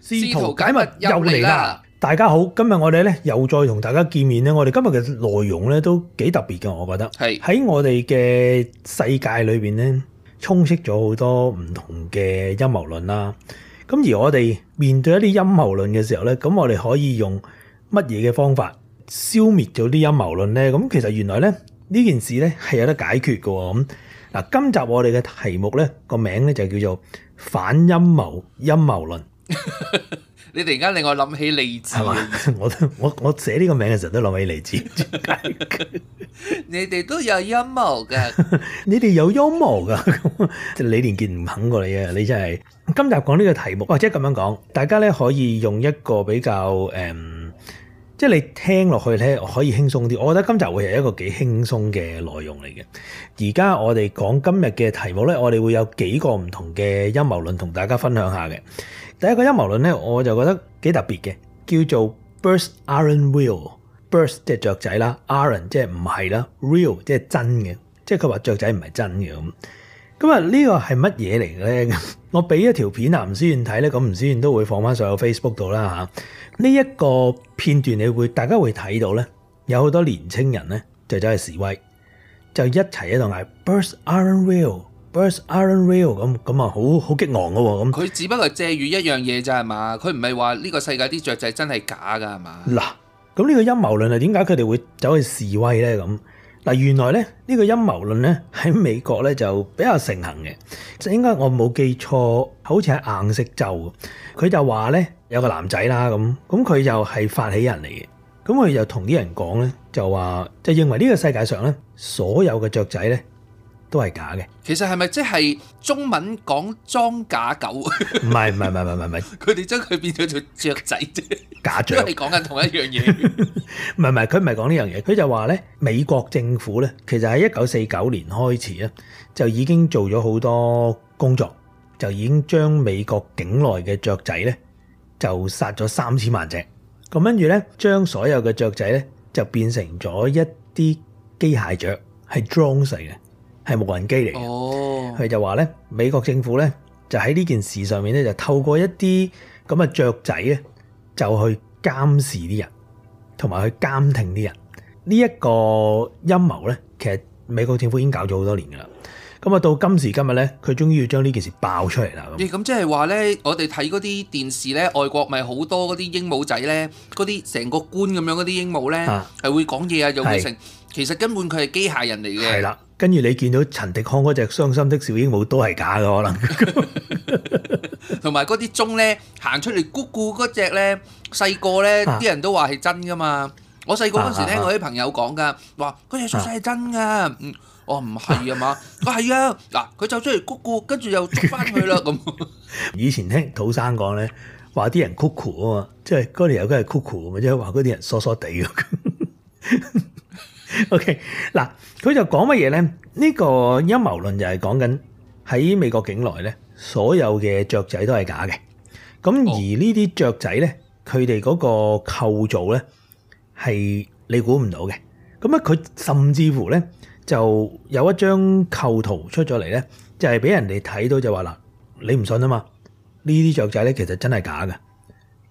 試圖解密又嚟啦！來大家好，今日我哋咧又再同大家見面咧。我哋今日嘅內容咧都幾特別嘅，我覺得係喺是我哋嘅世界裏邊咧，充斥咗好多唔同嘅陰謀論啦。咁而我哋面對一啲陰謀論嘅時候咧，咁我哋可以用乜嘢嘅方法消滅咗啲陰謀論咧？咁其實原來咧，呢件事咧係有得解決㗎。咁嗱，今集我哋嘅題目咧個名咧就叫做反陰謀陰謀論。 你突然間令我諗起利智係嘛，我都我我寫呢個名嘅時候都諗起利智。 你哋都有陰謀嘅， 你哋有陰謀噶。李 連杰唔肯過你啊！你真係今集講呢個題目，或者咁樣講，大家咧可以用一個比較誒、嗯，即係你聽落去咧可以輕鬆啲。我覺得今集會係一個幾輕鬆嘅內容嚟嘅。而家我哋講今日嘅題目咧，我哋會有幾個唔同嘅陰謀論同大家分享下嘅。第一個陰謀論咧，我就覺得幾特別嘅，叫做 Birds Aren't Real。Birds 即係雀仔啦，Aren't 即係唔係啦，Real 即係真嘅，即係佢話雀仔唔係真嘅咁。咁啊呢個係乜嘢嚟嘅咧？ 我俾一條片啊，吳思遠睇咧，咁吳思遠都會放翻上我 Facebook 度啦嚇。呢、這、一個片段你會大家會睇到咧，有好多年青人咧就走去示威，就一齊喺度嗌《Birds Aren't Real Birds Aren't Real 咁，咁啊，好好激昂噶喎！咁佢只不過借喻一樣嘢啫，係嘛？佢唔係話呢個世界啲雀仔真係假噶，係嘛？嗱，咁呢個陰謀論係點解佢哋會走去示威咧？咁嗱，原來咧呢、呢個陰謀論咧喺美國咧就比較盛行嘅，應該我冇記錯，好似係硬式州。佢就話咧有個男仔啦，咁，咁佢又係發起人嚟嘅，咁佢就同啲人講咧，就話就認為呢個世界上咧所有嘅雀仔咧。都係假嘅。其實係咪即係中文講裝假狗？唔係唔係唔係唔係唔係，佢哋將佢變咗做雀仔啫。假雀。你講緊同一樣嘢。唔係唔係，佢唔係講呢樣嘢。佢就話咧，美國政府咧，其實喺一九四九年開始啊，就已經做咗好多工作，就已經將美國境內嘅雀仔咧，就殺咗三千萬隻。咁跟住咧，將所有嘅雀仔咧，就變成咗一啲機械雀，係裝死嘅。係無人機嚟嘅，佢、哦、就話咧，美國政府咧就喺呢件事上面咧，就透過一啲咁嘅雀仔咧，就去監視啲人，同埋去監聽啲人。這個、陰謀呢一個陰謀咧，其實美國政府已經搞咗好多年噶啦。咁啊，到今時今日咧，佢終於要將呢件事爆出嚟啦。咦、嗯，咁即係話咧，我哋睇嗰啲電視咧，外國咪好多嗰啲鸚鵡仔咧，嗰啲成個官咁樣嗰啲鸚鵡咧，係會講嘢啊，會有會成。.其實根本佢係機械人嚟嘅。係啦，跟住你見到陳迪康嗰隻傷心的小鸚鵡都係假嘅可能 同埋嗰啲鐘咧行出嚟咕咕嗰隻咧，細個咧啲人都話係真噶嘛。我細個嗰時咧，聽我啲朋友講噶，話嗰、啊啊、隻雀仔係真嘅。我唔係啊嘛，佢係、嗯哦、 啊嗱，佢走、啊、出嚟咕咕，跟住又捉翻佢啦咁。 以前聽土生講咧，話啲人咕咕啊嘛，即係嗰年有梗係咕咕嘅即係話嗰啲人傻傻地嘅。就是 OK，嗱佢就講乜嘢咧？呢個陰謀論就係講緊喺美國境內咧，所有嘅雀仔都係假嘅。咁而呢啲雀仔咧，佢哋嗰個構造咧係你估唔到嘅。咁啊，佢甚至乎咧就有一張構圖出咗嚟咧，就係俾人哋睇到就話啦，你唔信啊嘛？呢啲雀仔咧其實真係假嘅。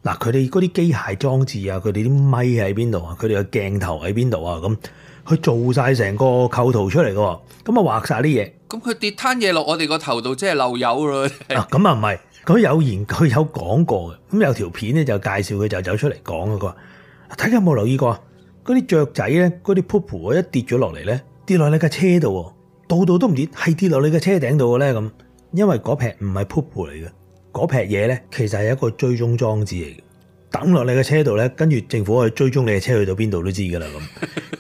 嗱，佢哋嗰啲機械裝置啊，佢哋啲咪喺邊度啊，佢哋嘅鏡頭喺邊度啊，咁佢做晒成個構圖出嚟嘅，咁啊畫晒啲嘢。咁佢跌攤嘢落我哋個頭度，即係漏油啦。咁啊唔係，佢有言佢有講過嘅，咁有條片咧就介紹佢就走出嚟講嘅，佢話：睇下有冇留意過啊？嗰啲雀仔咧，嗰啲 poo 一跌咗落嚟咧，跌落你架車度，度度都唔跌，係跌落你架車頂度嘅咧咁，因為嗰撇唔係 poo 嚟嘅。嗰撇嘢咧，其實係一個追蹤裝置嚟嘅，等落你嘅車度咧，跟住政府去追蹤你嘅車去到邊度都知噶啦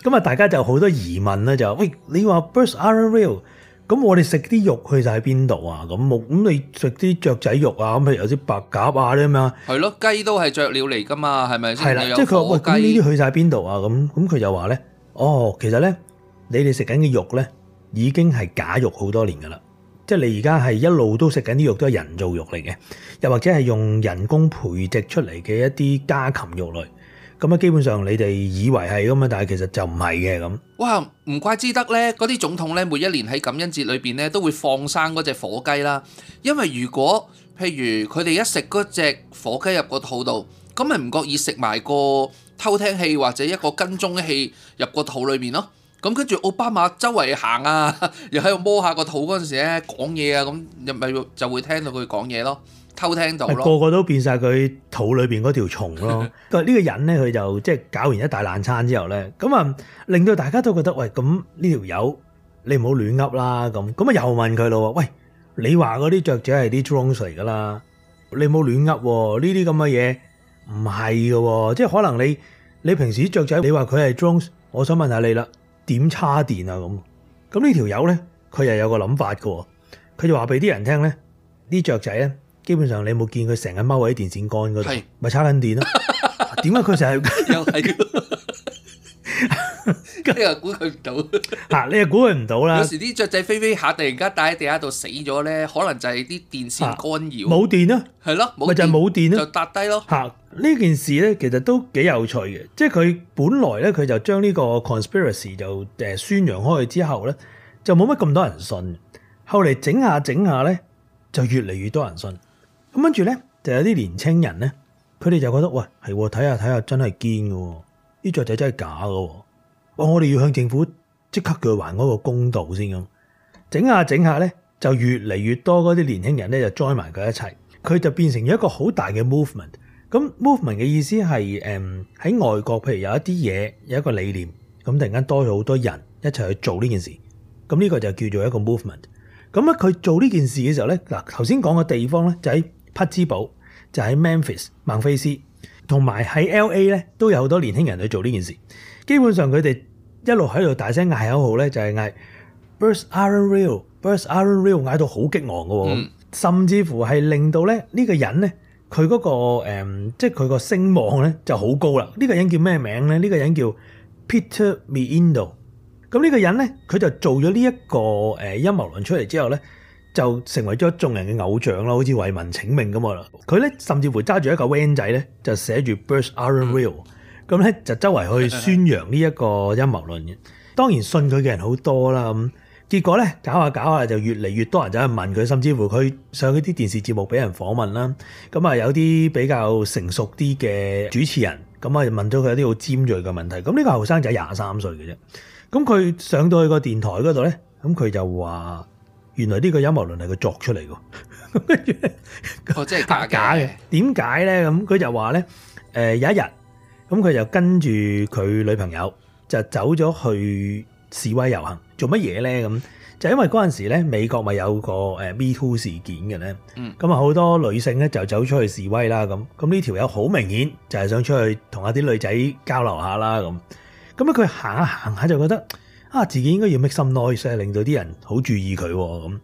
咁。咁啊， 大家就好多疑問咧，就說喂，你話 birds aren't real，咁我哋食啲肉去曬邊度啊？咁，咁你食啲雀仔肉啊？咁譬如有啲白鴿啊啲咁啊，係咯，雞都係雀鳥嚟噶嘛，係咪先？係啦，即係佢話喂，雞呢啲去晒邊度啊？咁，咁佢就話咧，哦，其實咧，你哋食緊嘅肉咧，已經係假肉好多年噶啦。即係你而家係一路都食緊啲肉，都係人造肉嚟嘅，又或者係用人工培植出嚟嘅一啲家禽肉類。咁啊，基本上你哋以為係咁啊，但係其實就唔係嘅咁。哇，唔怪之得呢。嗰啲總統呢，每一年喺感恩節裏面呢，都會放生嗰隻火雞啦。因為如果譬如佢哋一食嗰隻火雞入個肚度，咁咪唔覺意食埋個偷聽器或者一個跟蹤器入個肚裏面咯。咁跟住奧巴馬周圍行啊，又喺度摸下個肚嗰陣時咧，講嘢啊，咁又咪就會聽到佢講嘢咯，偷聽到咯。個個都變曬佢肚裏邊嗰條蟲咯。個呢個人咧，佢就即係搞完一大爛餐之後咧，咁啊令到大家都覺得喂，咁呢條友你唔好亂噏啦咁。咁啊又問佢咯，喂，你話嗰啲雀仔係啲 drones 嚟㗎啦，你唔好亂噏呢啲咁嘅嘢，唔係嘅，即係可能你你平時雀仔你話佢係 drones，我想問下你啦。點叉電啊咁？咁呢條友咧，佢又有個諗法嘅，佢就話俾啲人聽咧，啲雀仔咧，基本上你冇見佢成日踎喺電線杆嗰度，咪是叉緊電咯，啊。點解佢成日又係？ 咁 你又估佢唔到？吓、 啊，你又估佢唔到啦。有時啲雀仔飛飛下，突然間帶喺地下度死咗咧，可能就係啲電線干擾。冇電啊，係咯，咪就係冇電咯，就搭低咯。吓、啊，呢件事咧，其實都幾有趣嘅，即係佢本來咧，佢就將呢個 conspiracy 就誒宣揚開去之後咧，就冇乜咁多人信。後嚟整下整下咧，就越嚟越多人信。咁跟住咧，就有啲年青人咧，佢哋就覺得喂，係睇下睇下，真係堅噶，啲雀仔真係假噶。我我哋要向政府即刻叫佢還嗰個公道先。咁，整下整下咧，就越嚟越多嗰啲年輕人咧，就栽埋佢一齊，佢就變成一個好大嘅 movement。咁 movement 嘅意思係誒喺外國，譬如有一啲嘢，有一個理念，咁突然間多咗好多人一齊去做呢件事，咁呢個就叫做一個 movement。咁咧佢做呢件事嘅時候咧，嗱頭先講嘅地方咧就喺匹茲堡，就喺 Memphis 孟菲斯，同埋喺 LA 咧都有好多年輕人去做呢件事。基本上佢哋一路喺度大聲嗌口號咧，就係嗌 Birds aren't real, Birds aren't real，嗌到好激昂嘅喎，甚至乎係令到咧呢個人咧，佢嗰個誒，即係佢個聲望咧就好高啦。呢個人叫咩名咧？呢個人叫 Peter McIndoe。咁呢個人咧，佢就做咗呢一個誒陰謀論出嚟之後咧，就成為咗眾眾人嘅偶像啦，好似為民請命咁啦。佢咧甚至乎揸住一個 van 仔咧，就寫住 Birds aren't real。嗯咁咧就周圍去宣揚呢一個陰謀論嘅， 當然信佢嘅人好多啦。咁結果咧搞下搞下就越嚟越多人走去問佢，甚至乎佢上嗰啲電視節目俾人訪問啦。咁啊有啲比較成熟啲嘅主持人，咁啊問咗佢一啲好尖鋭嘅問題。咁呢個後生仔廿三歲嘅啫，咁佢上到去個電台嗰度咧，咁佢就話：原來呢個陰謀論係佢作出嚟㗎。咁跟住，即係拍假嘅。點解咧？咁佢就話咧、呃：有一日。咁佢就跟住佢女朋友就走咗去示威遊行，做乜嘢咧？咁就因為嗰陣時咧，美國咪有個誒 Me Too 事件嘅咧，咁啊好多女性咧就走出去示威啦。咁咁呢條友好明顯就係想出去同下啲女仔交流下啦。咁咁佢行下行下就覺得啊，自己應該要 make some noise，令到啲人好注意佢喎。咁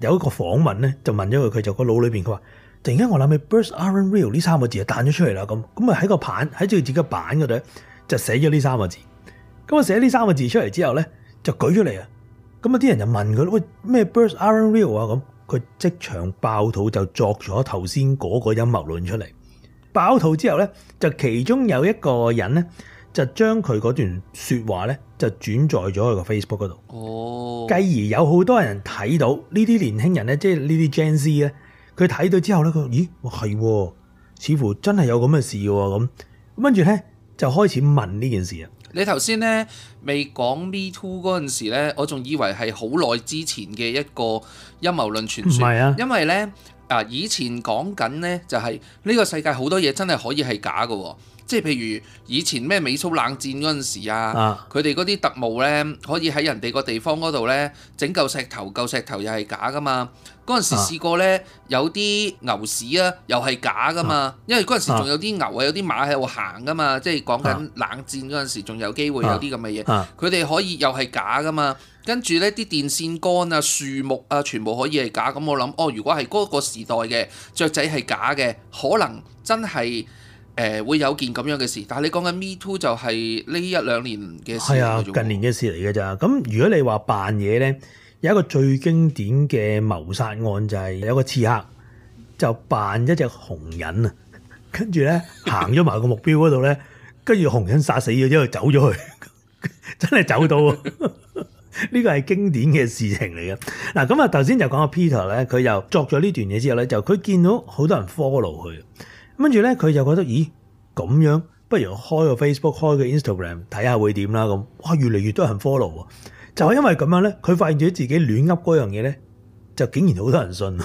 有一個訪問咧，就問咗佢，佢就個腦裏邊佢話。突然間我諗起 “Birds Aren't Real” 呢三個字就彈咗出嚟啦，咁咁啊喺個板喺最自己個板嘅度就寫咗呢三個字。咁啊寫呢三個字出嚟之後咧，就舉出嚟啊。咁啊啲人就問佢：喂咩 “Birds Aren't Real” 啊？咁佢即場爆肚就作咗頭先嗰個陰謀論出嚟。爆肚之後咧，就其中有一個人咧，就將佢嗰段說話咧，就轉載咗喺個 Facebook 嗰度。哦。繼而有好多人睇到呢啲年輕人咧，即係呢啲 Gen Z 咧。佢睇到之後咧，佢，咦，我係，似乎真係有咁嘅事喎，啊，咁，跟住咧就開始問呢件事呢啊。你頭先咧未講 Me Too 嗰陣時咧，我仲以為係好耐之前嘅一個陰謀論傳説，因為咧啊以前講緊咧就係、是、呢、呢個世界好多嘢真係可以係假嘅。即係譬如以前咩美蘇冷戰嗰陣時啊，佢哋嗰啲特務呢，可以喺人哋個地方嗰度呢，整嚿石頭，嚿石頭又係假㗎嘛。嗰陣時試過咧，有啲牛屎啊，又係假㗎嘛。因為嗰陣時仲有啲牛啊，有啲馬喺度行㗎嘛。即係講緊冷戰嗰陣時，仲有機會有啲咁嘅嘢。佢哋、啊啊、可以又係假㗎嘛。跟住呢啲電線桿啊、樹木啊，全部可以係假。咁我諗，哦，如果係嗰個時代嘅雀仔係假嘅，可能真係。誒會有件咁樣嘅事，但係你講緊 Me Too 就係呢一兩年嘅事。係啊，近年嘅事嚟嘅咋？咁如果你話扮嘢咧，有一個最經典嘅謀殺案就係有一個刺客就扮一隻紅人啊，跟住咧行咗埋個目標嗰度咧，跟住 紅人殺死咗之後走咗去，真係走到。呢個係經典嘅事情嚟嘅。嗱咁啊頭先就講阿 Peter 咧，佢又作咗呢段嘢之後咧，就佢見到好多人 follow 佢。跟住咧，佢就覺得，咦，咁樣不如開個 Facebook，開個 Instagram，睇下會點啦。咁哇，越嚟越多人 follow。就係因為咁樣咧，佢發現咗自己亂噏嗰樣嘢咧，就竟然好多人信。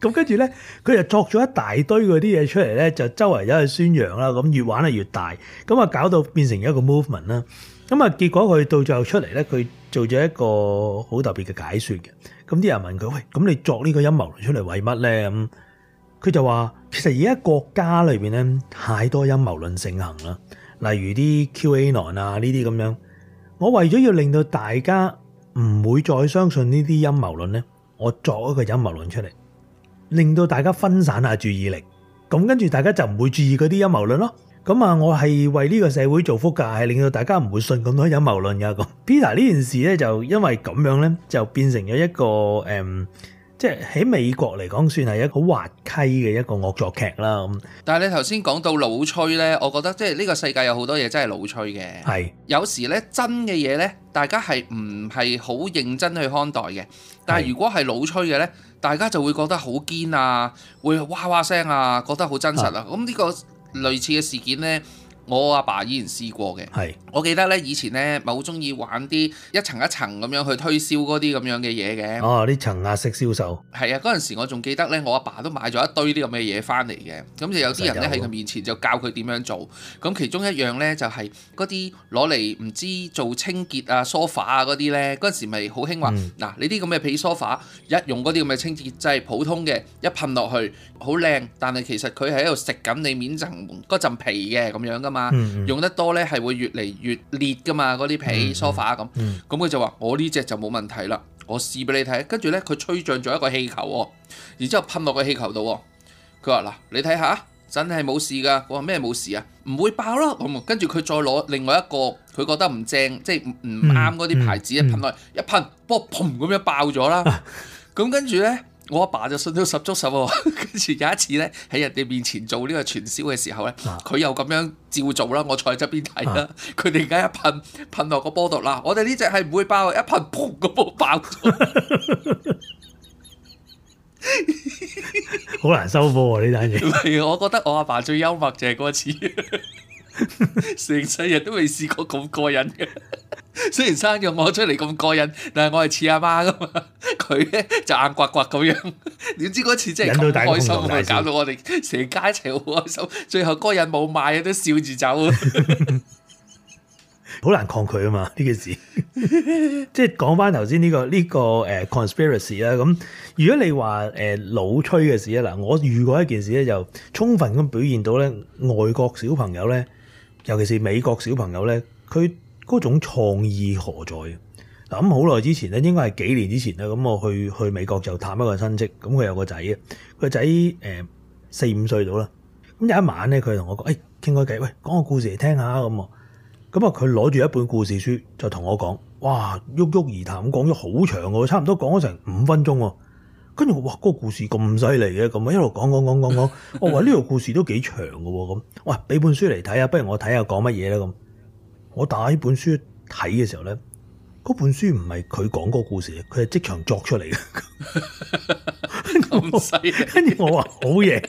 咁跟住咧，佢就作咗一大堆嗰啲嘢出嚟咧，就周圍走去宣揚啦。咁越玩啊越大，咁啊搞到變成一個 movement 啦。咁啊，結果佢到最後出嚟咧，佢做咗一個好特別嘅解說嘅。咁啲人問佢：喂，咁你作呢個陰謀出嚟為乜咧？咁佢就話。其實而家國家裏邊咧太多陰謀論盛行啦，例如啲 QAnon 啊呢啲咁樣。我為咗要令到大家唔會再相信呢啲陰謀論咧，我作一個陰謀論出嚟，令到大家分散下注意力。咁跟住大家就唔會注意嗰啲陰謀論咯。咁啊，我係為呢個社會做福㗎，係令到大家唔會信咁多陰謀論㗎。咁 Peter 呢件事咧就因為咁樣咧，就變成咗一個誒。嗯即係喺美國嚟講，算係一個好滑稽嘅一個惡作劇啦。咁，但係你頭先講到老吹呢，我覺得即係呢個世界有好多嘢真係老吹嘅。係是，有時呢，真嘅嘢呢，大家係唔係好認真去看待嘅？但係如果係老吹嘅呢，是大家就會覺得好堅啊，會嘩嘩聲啊，覺得好真實啊。咁呢是個類似嘅事件呢。我阿爸以前試過嘅，係是我記得呢，以前呢，咪好中意玩啲一,一層一層咁樣去推銷嗰啲咁樣嘅嘢嘅。哦，呢層壓式銷售。係啊，嗰陣時我仲記得呢，我阿爸都買咗一堆呢個咩嘢翻嚟嘅。咁就有啲人呢，喺佢面前就教佢點樣做。咁其中一樣呢，就係嗰啲攞嚟唔知做清潔啊、梳化啊嗰啲呢。嗰陣時咪好興話，嗱、嗯、你啲咁嘅皮梳化，一用嗰啲咁嘅清潔劑，普通嘅一噴落去好靚，但係其實佢係喺度食緊你面層嗰陣皮嘅咁樣噶嘛。用得多呢係會越嚟越裂噶嘛，嗰啲皮梳化咁。咁佢，嗯嗯、就話：我呢隻就冇問題啦，我試俾你睇。跟住呢，佢吹脹咗一個氣球，然之後噴落個氣球度。佢話：嗱，你睇下，真係冇事噶。我話咩冇事啊？唔會爆咯。咁，跟住佢再攞另外一個，佢覺得唔正，即係唔啱嗰啲牌子一噴落去一噴，不過砰咁樣爆咗啦。咁、啊、跟住呢。我阿爸,爸就信到十足十喎，跟住有一次呢，喺人哋面前做呢個傳銷嘅時候呢，佢又咁樣照做啦，我坐喺側邊睇啦，佢突然間一噴噴落個波度啦，我哋呢只係唔會爆，一噴噗個波爆咗，好難收貨喎呢單嘢。唔係，我覺得我阿爸,爸最幽默的就係嗰次，成世人都未試過咁過癮嘅。雖然生咗我出嚟咁過癮，但係我係似阿媽㗎嘛，佢咧就眼刮刮咁樣。點知嗰次真係咁開心，到搞到我哋成家一齊好開心，最後嗰人冇買都笑住走，好 難抗拒啊嘛！呢件事， 即係講返頭先呢個呢、呢個誒、uh, conspiracy 啦。咁如果你話誒、uh, 老吹嘅事咧，嗱，我遇過一件事咧，就充分咁表現到咧，外國小朋友咧，尤其是美國小朋友咧，佢。嗰種創意何在。嗱，咁好耐之前咧，應該係幾年之前啦。咁我去去美國就探一個親戚，咁佢有個仔，佢個仔誒四五歲到啦。咁有一晚咧，佢同我講：誒，傾個偈，喂，講個故事嚟聽下咁咁啊，佢攞住一本故事書，就同我講：哇，喐喐而談咁講咗好長嘅，差唔多講咗成五分鐘喎。跟住，哇，嗰個故事咁犀利嘅，咁啊一路講講講講講。我話呢個故事都幾長嘅喎，咁，喂，俾本書嚟睇下，不如我睇下講乜嘢啦咁。我打呢本書睇嘅時候咧，嗰本書唔係佢講個故事，佢係即場作出嚟嘅，咁 犀我。跟住我話好嘢，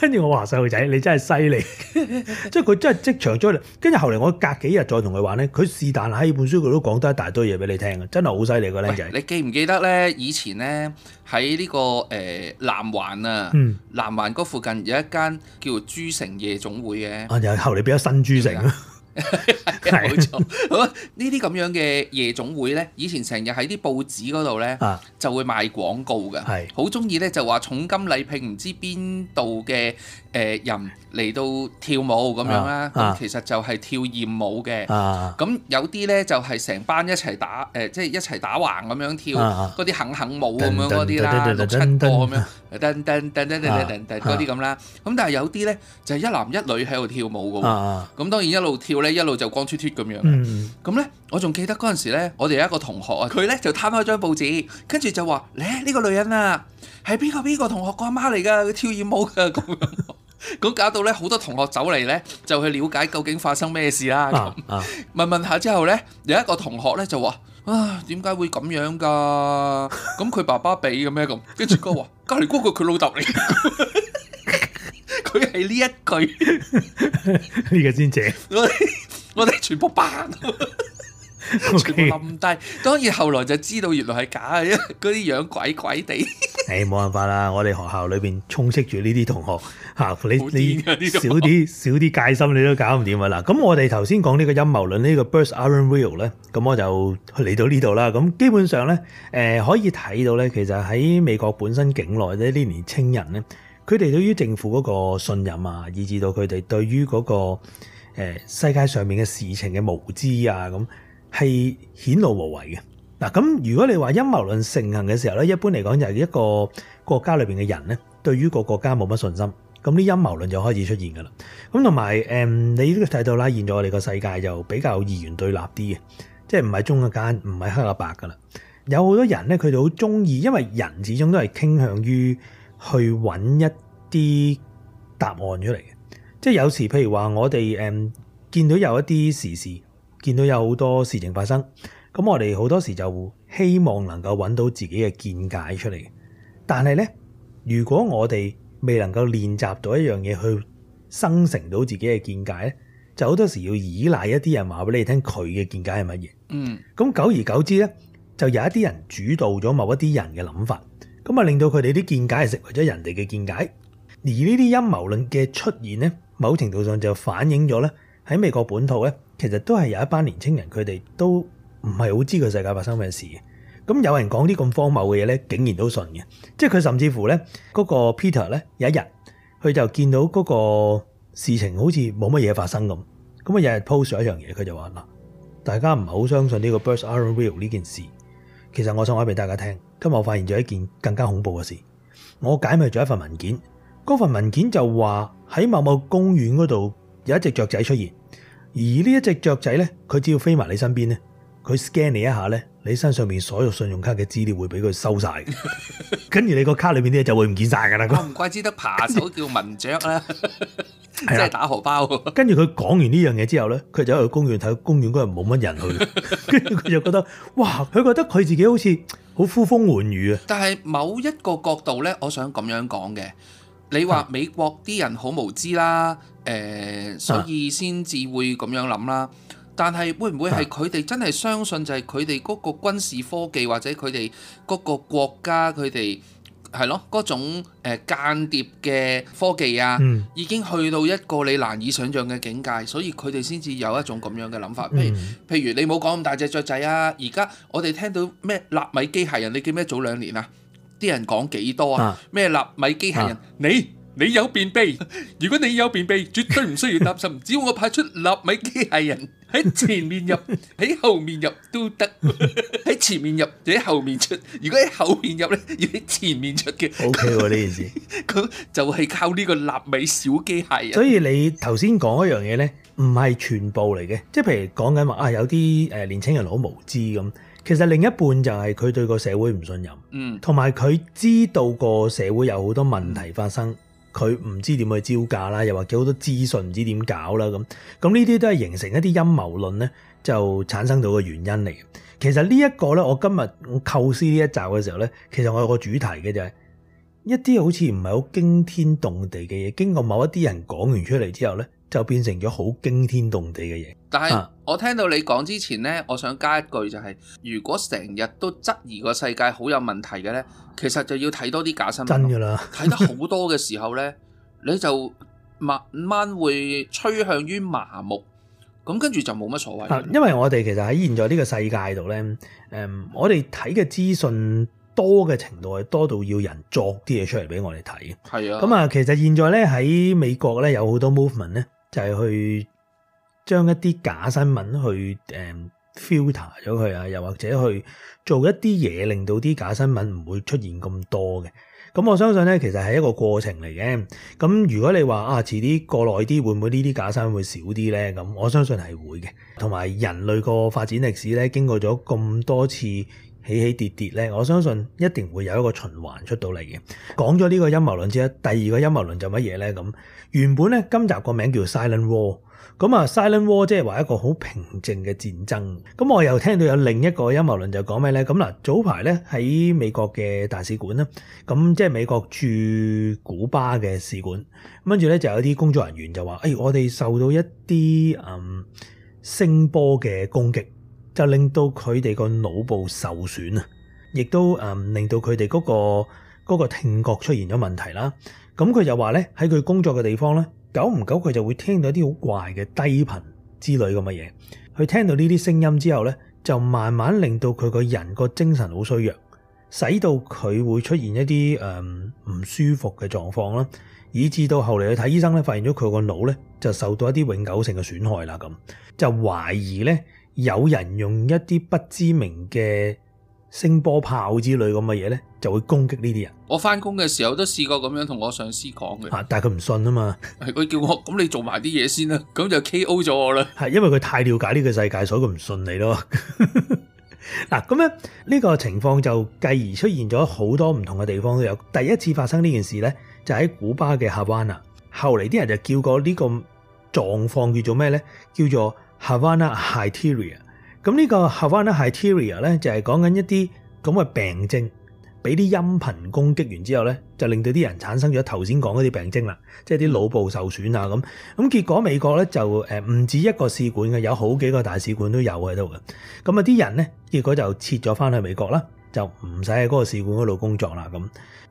跟住我話細路仔，你真係犀利， 即係佢真係即場作出嚟。跟住後嚟我隔幾日再同佢玩咧，佢是但喺本書佢都講得一大堆嘢俾你聽嘅，真係好犀利個僆仔。你記唔記得咧？以前咧喺呢個誒南環啊，嗯、南環嗰附近有一間叫做珠城夜總會嘅。啊、哎，又係後嚟變咗新珠城啊！係呢啲咁樣嘅夜總會呢，以前成日喺啲報紙嗰度呢，就會賣廣告嘅，好中意呢，就話重金禮聘唔知邊度嘅。誒、呃、人嚟到跳舞咁樣啦，咁其實就係跳豔舞嘅。咁、啊、有啲咧就係成班一齊打誒，即、呃、係、就係、一齊打橫咁樣跳，嗰啲行行舞咁樣嗰啲啦，啊、六七個咁樣嗰啲咁啦。咁、啊啊啊、但係有啲咧就係一男一女喺度跳舞嘅。咁、啊啊、當然一路跳咧一路就光脫脫咁樣。咁咧、啊啊啊、我仲記得嗰陣時咧，我哋有一個同學啊，佢咧就攤開張報紙，跟住就話：咧呢、呢個女人啊，係邊個邊個同學個阿媽嚟㗎？佢跳豔舞㗎咁樣。嗯 咁搞到咧，好多同學走嚟咧，就去了解究竟發生咩事啦。咁問問下之後咧，有一個同學咧就話：啊，點解會咁樣噶？咁佢爸爸俾嘅咩咁？跟住佢話：隔籬嗰個佢老豆嚟嘅，佢係呢一句，呢個先正。我哋我哋全部扮，全部冧低。當然後來就知道原來係假嘅，因為嗰啲樣鬼鬼地。誒，冇、欸、辦法啦，我哋學校裏邊充斥住呢啲同學吓， 你你少啲少啲戒心，你都搞唔掂啊！嗱， 咁我哋頭先講呢個陰謀論，呢個 Birds Aren't Real 咧，咁我就嚟到呢度啦。咁基本上咧，誒、呃、可以睇到咧，其實喺美國本身境內咧，呢啲年青人咧，佢哋對於政府嗰個信任啊，以至到佢哋對於嗰、那個誒、呃、世界上面嘅事情嘅無知啊，咁係顯露無遺嘅。嗱咁，如果你話陰謀論盛行嘅時候咧，一般嚟講就係一個國家裏面嘅人咧，對於個國家冇乜信心，咁啲陰謀論就開始出現噶啦。咁同埋誒，你都睇到啦，現在我哋個世界就比較二元對立啲嘅，即係唔係中一間，唔係黑一白噶啦。有好多人咧，佢哋好中意，因為人始終都係傾向於去揾一啲答案出嚟嘅。即係有時譬如話，我哋誒見到有一啲時事，見到有好多事情發生。咁我哋好多時就希望能夠揾到自己嘅見解出嚟，但係咧，如果我哋未能夠練習到一樣嘢去生成到自己嘅見解咧，就好多時要依賴一啲人話俾你聽，佢嘅見解係乜嘢。嗯。咁久而久之咧，就有一啲人主導咗某一啲人嘅諗法，咁啊令到佢哋啲見解係成為咗人哋嘅見解，而呢啲陰謀論嘅出現咧，某程度上就反映咗咧喺美國本土咧，其實都係有一班年青人佢哋都，唔係好知佢世界發生咩事嘅，咁有人講啲咁荒謬嘅嘢呢，竟然都信嘅，即係佢甚至乎呢嗰個 Peter 呢，有一日佢就見到嗰個事情好似冇乜嘢發生咁，咁啊日日 post 一樣嘢，佢就話嗱，大家唔係好相信呢個 Birds Aren't Real 呢件事。其實我想話俾大家聽，今日我發現咗一件更加恐怖嘅事，我解密咗一份文件。嗰份文件就話喺某某公園嗰度有一隻雀仔出現，而呢一隻雀仔呢，佢只要飛埋你身邊佢 scan 你一下咧，你身上面所有信用卡嘅資料會俾佢收晒，跟住你個卡裏面啲嘢就會唔見晒噶啦。我唔怪之得扒手叫文雀啦，即係打荷包。跟住佢講完呢樣嘢之後咧，佢就走去公園睇，公園嗰度冇乜人去，跟住佢就覺得，哇！佢覺得佢自己好似好呼風喚雨啊。但係某一個角度咧，我想咁樣講嘅，你話美國啲人好無知啦，誒，所以先至會咁樣諗啦。但係會唔會係佢哋真係相信，就係佢哋嗰個軍事科技，或者佢哋嗰個國家，佢哋係咯，嗰種誒、呃、間諜嘅科技啊，嗯、已經去到一個你難以想像嘅境界，所以佢哋先至有一種咁樣嘅諗法。譬如、嗯、譬如你冇講咁大隻雀仔啊，而家我哋聽到咩納米機械人？你記唔記得早兩年啊，啲人講幾多啊？咩、啊、納米機械人？啊、你？你有便秘？如果你有便秘，絕對唔需要擔心。 只要我派出納米機械人喺前面入，喺 後面入都得。喺 前面入，或者後面出。如果喺後面入咧，要喺前面出嘅。OK 呢件事，佢就係靠呢個納米小機械人。所以你頭先講一樣嘢咧，唔係全部嚟嘅。即係譬如講緊話啊，有啲誒年青人好無知咁。其實另一半就係佢對個社會唔信任，嗯，同埋佢知道個社會有好多問題發生。嗯佢唔知點去招架啦，又話幾好多資訊唔知點搞啦咁，咁呢啲都係形成一啲陰謀論咧，就產生到嘅原因嚟。其實呢一個咧，我今日構思呢一集嘅時候咧，其實我有個主題嘅就係、是。一啲好似唔係好驚天動地嘅嘢，經過某一啲人講完出嚟之後呢，就變成咗好驚天動地嘅嘢。但係我聽到你講之前呢，我想加一句就係，如果成日都質疑個世界好有問題嘅呢，其實就要睇多啲假新聞。真噶啦，睇得好多嘅時候呢，你就慢慢會趨向於麻木。咁跟住就冇乜所謂。因為我哋其實喺現在呢個世界度呢，我哋睇嘅資訊。多嘅程度係多到要人作啲嘢出嚟俾我哋睇啊，咁啊係啊，其實現在咧喺美國咧有好多 movement 咧，就係去將一啲假新聞去 filter 咗佢啊，又或者去做一啲嘢，令到啲假新聞唔會出現咁多嘅。咁我相信咧，其實係一個過程嚟嘅。咁如果你話啊遲啲過耐啲，會唔會呢啲假新聞會少啲咧？咁我相信係會嘅。同埋人類個發展歷史咧，經過咗咁多次。起起跌跌咧，我相信一定會有一個循環出到嚟嘅。講咗呢個陰謀論之後，第二個陰謀論就乜嘢咧？咁原本咧，今集個名叫 Silent War，咁啊、嗯、Silent War 即係話一個好平靜嘅戰爭。咁、嗯、我又聽到有另一個陰謀論就講咩咧？咁、嗯、嗱，早排咧喺美國嘅大使館啦，咁、嗯、即係美國駐古巴嘅使館，跟住咧就有啲工作人員就話，誒、哎、我哋受到一啲嗯聲波嘅攻擊。就令到佢哋個腦部受損啊，亦都誒、嗯、令到佢哋嗰個嗰個聽覺出現咗問題啦。咁佢就話咧，喺佢工作嘅地方咧，久唔久佢就會聽到一啲好怪嘅低頻之類嘅嘢。佢聽到呢啲聲音之後咧，就慢慢令到佢個人個精神好衰弱，使到佢會出現一啲誒唔舒服嘅狀況啦，以至到後嚟去睇醫生咧，發現咗佢個腦咧就受到一啲永久性嘅損害啦。咁就懷疑咧。有人用一啲不知名嘅聲波炮之類咁嘅嘢呢，就會攻擊呢啲人。我翻工嘅時候都試過咁樣同我上司講嘅、啊，但係佢唔信啊嘛。係佢、啊、叫我咁，咁你做埋啲嘢先啦，咁就 K.O. 咗我啦。係、啊、因為佢太了解呢個世界，所以佢唔信你咯。嗱，咁樣呢個情況就繼而出現咗好多唔同嘅地方都有。第一次發生呢件事呢，就喺、是、古巴嘅夏灣娜啊。後嚟啲人就叫過呢個狀況叫做咩呢？叫做 Havana Hysteria，咁呢個 Havana Hysteria 咧就係講緊一啲咁嘅病症，俾啲音頻攻擊完之後咧，就令到啲人產生咗頭先講嗰啲病症啦，即係啲腦部受損啊咁。咁結果美國咧就誒唔止一個試管嘅，有好幾個大使館都有喺度嘅。咁啊啲人咧結果就撤咗返去美國啦，就唔使喺嗰個試管嗰度工作啦咁。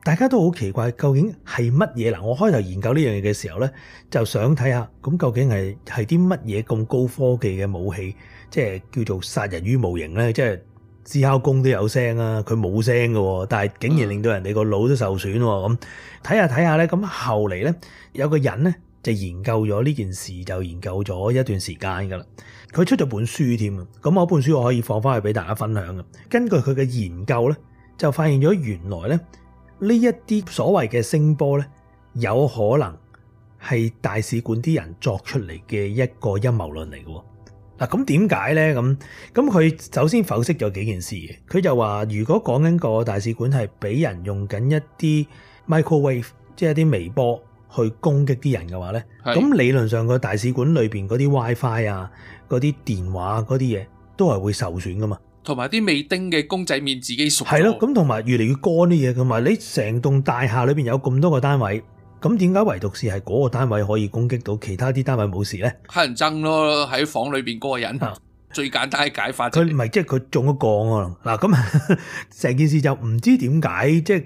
大家都好奇怪，究竟係乜嘢？嗱，我開頭研究呢樣嘢嘅時候呢，就想睇下咁究竟係係啲乜嘢咁高科技嘅武器，即係叫做殺人於無形呢，即係鑄烤工都有聲啊，佢冇聲㗎喎，但係竟然令到人哋個腦都受損喎。咁睇下睇下呢，咁後嚟呢，有個人呢，就研究咗呢件事，就研究咗一段時間㗎啦。佢出咗本書添，咁我本書我可以放翻去俾大家分享嘅。根據佢嘅研究呢，就發現咗原來呢。呢一啲所謂嘅聲波呢，有可能係大使館啲人作出嚟嘅一個陰謀論嚟嘅喎。嗱，咁點解呢？咁咁佢首先剖析咗幾件事，佢就話：如果講緊個大使館係俾人用緊一啲 microwave，即係一啲微波去攻擊啲人嘅話呢，咁理論上個大使館裏邊嗰啲 WiFi 啊、嗰啲電話嗰啲嘢都係會受損㗎嘛。同埋啲未叮嘅公仔麵自己熟咗，係咯咁，同埋越嚟越乾啲嘢。同埋你成棟大廈裏邊有咁多個單位，咁點解唯獨是係嗰個單位可以攻擊到，其他啲單位冇事咧？睇人憎咯，喺房裏邊嗰個人最簡單嘅解法。佢唔係即係佢中咗降啊，嗱咁成件事就唔知點解，即係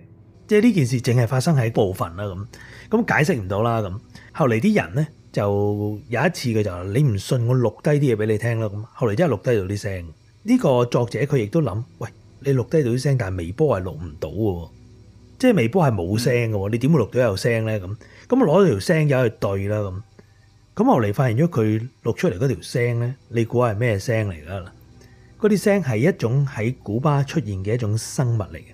即係呢件事淨係發生喺部分啦咁，咁解釋唔到啦咁。後嚟啲人咧就有一次佢就你唔信我錄低啲嘢俾你聽啦咁，後嚟真係錄低咗啲聲。呢個作者佢亦都諗，喂，你錄低到啲聲，但係微波係錄唔到嘅，即係微波係冇聲嘅，你點會錄到有聲咧？咁咁攞咗條聲入去對啦，咁咁後嚟發現咗佢錄出嚟嗰條聲咧，你估下係咩聲嚟噶啦？嗰啲聲係一種喺古巴出現嘅一種生物嚟嘅。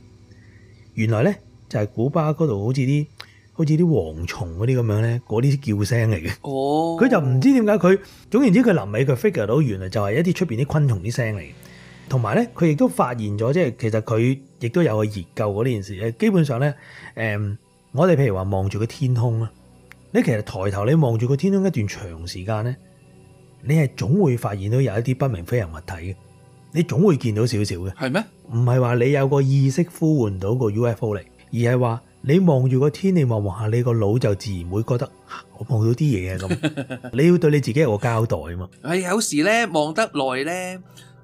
原來咧就係、是、古巴嗰度好似啲好似啲蝗蟲嗰啲咁樣咧，嗰啲叫聲嚟嘅。哦、oh.，佢就唔知點解佢總言之，佢臨尾佢 figure 到原來就係一啲出邊啲昆蟲啲聲嚟嘅。同埋咧，佢亦都發現咗，即係其實佢亦都有個研究過呢件事。基本上咧，誒、嗯，我哋譬如話望住個天空啦，你其實抬頭你望住個天空一段長時間咧，你係總會發現到有一啲不明飛行物體嘅，你總會見到少少嘅。係咩嗎？唔係話你有個意識呼喚到個 UFO 嚟，而係話你望住個天，你望望下，你個腦就自然會覺得、啊、我望到啲嘢啊咁。 你要對你自己有個交代啊嘛。係 有時咧望得耐咧。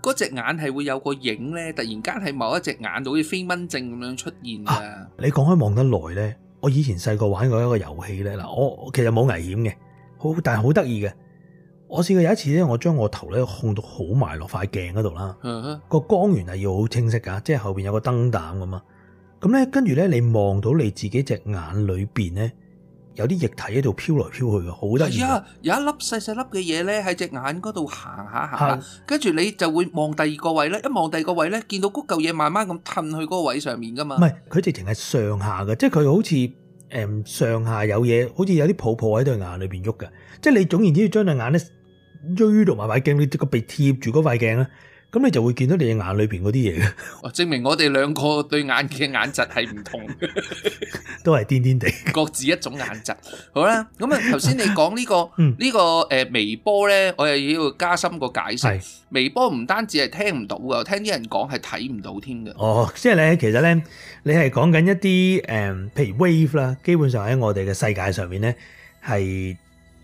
嗰隻眼係會有個影咧，突然間喺某一隻眼度好似飛蚊症咁樣出現的啊！你講開望得耐咧，我以前細個玩過一個遊戲咧，嗱，我其實冇危險嘅，好但係好得意嘅。我試過有一次咧，我將我頭咧控到好埋落塊鏡嗰度啦，個、嗯、哼光源係要好清晰噶，即係後邊有個燈膽噶嘛。咁咧，跟住咧，你望到你自己隻眼裏邊咧。有啲液體喺度漂來漂去嘅，好得意啊！有一粒細細粒嘅嘢咧喺隻眼嗰度行下行下。跟住走你就會望第二個位咧。一望第二個位咧，見到嗰嚿嘢慢慢咁褪去嗰個位上面噶嘛。唔係，佢直情係上下嘅，即係佢好似誒、嗯、上下有嘢，好似有啲泡泡喺對眼裏面喐嘅。即係你總然之將隻眼咧追到埋塊鏡，你即個鼻貼住嗰塊鏡咧。咁你就會見到你嘅眼裏邊嗰啲嘢嘅，證明我哋兩個對眼嘅眼疾係唔同，都係癲癲地，各自一種眼疾。好啦，咁啊頭先你講呢個呢個誒微波咧，我又要加深個解釋。微波唔單止係聽唔到噶，聽啲人講係睇唔到添嘅。哦，即係咧，其實咧，你係講緊一啲誒，譬如 wave 啦，基本上喺我哋嘅世界上面咧，係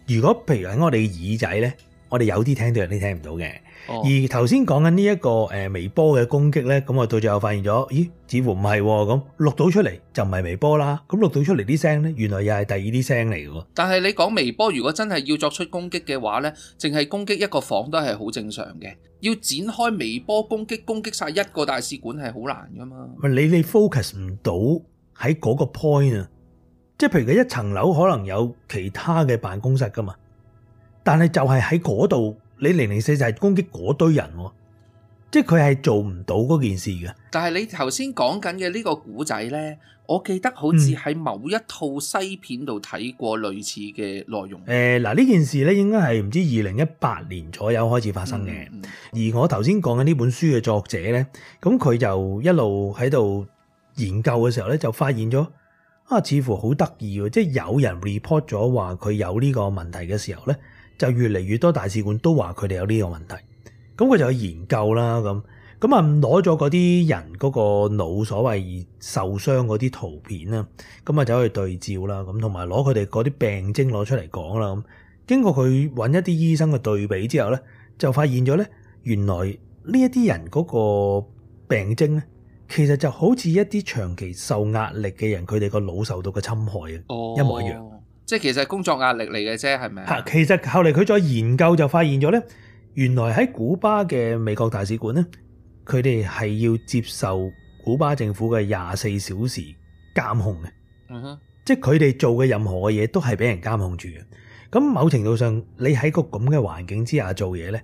如果譬如喺我哋嘅耳仔咧，我哋有啲聽到，有啲聽唔到嘅。哦、而頭先講緊呢一個微波嘅攻擊呢，咁我到最後發現咗，咦？似乎唔係咁錄到出嚟就唔係微波啦。咁、嗯、錄到出嚟啲聲呢，原來又係第二啲聲嚟嘅喎。但係你講微波，如果真係要作出攻擊嘅話呢，淨係攻擊一個房都係好正常嘅。要展開微波攻擊，攻擊晒一個大使館係好難噶嘛。你你 focus 唔到喺嗰個 point 啊，即係譬如佢一層樓可能有其他嘅辦公室噶嘛，但係就係喺嗰度。你零零四就係攻擊嗰堆人喎，即係佢係做唔到嗰件事嘅。但係你頭先講緊嘅呢個古仔呢，我記得好似喺某一套西片度睇過類似嘅內容。嗱、嗯，呃、呢件事呢應該係唔知二零一八年左右開始發生嘅。嗯嗯、而我頭先講緊呢本書嘅作者呢，咁佢就一路喺度研究嘅時候呢，就發現咗啊，似乎好得意喎！即係有人 report 咗話佢有呢個問題嘅時候呢。就越嚟越多大使館都話佢哋有呢個問題，咁佢就去研究啦，咁咁啊攞咗嗰啲人嗰個腦所謂受傷嗰啲圖片啊，咁啊走去對照啦，咁同埋攞佢哋嗰啲病徵攞出嚟講啦，咁經過佢揾一啲醫生嘅對比之後呢，就發現咗呢，原來呢一啲人嗰個病徵呢，其實就好似一啲長期受壓力嘅人，佢哋個腦受到嘅侵害啊，一模一樣。即係其實是工作壓力嚟嘅啫，係咪啊？嚇，其實後嚟佢再研究就發現咗咧，原來喺古巴嘅美國大使館咧，佢哋係要接受古巴政府嘅廿四小時監控嘅。嗯哼，即係佢哋做嘅任何嘅嘢都係俾人監控住嘅。咁某程度上，你喺個咁嘅環境之下做嘢咧。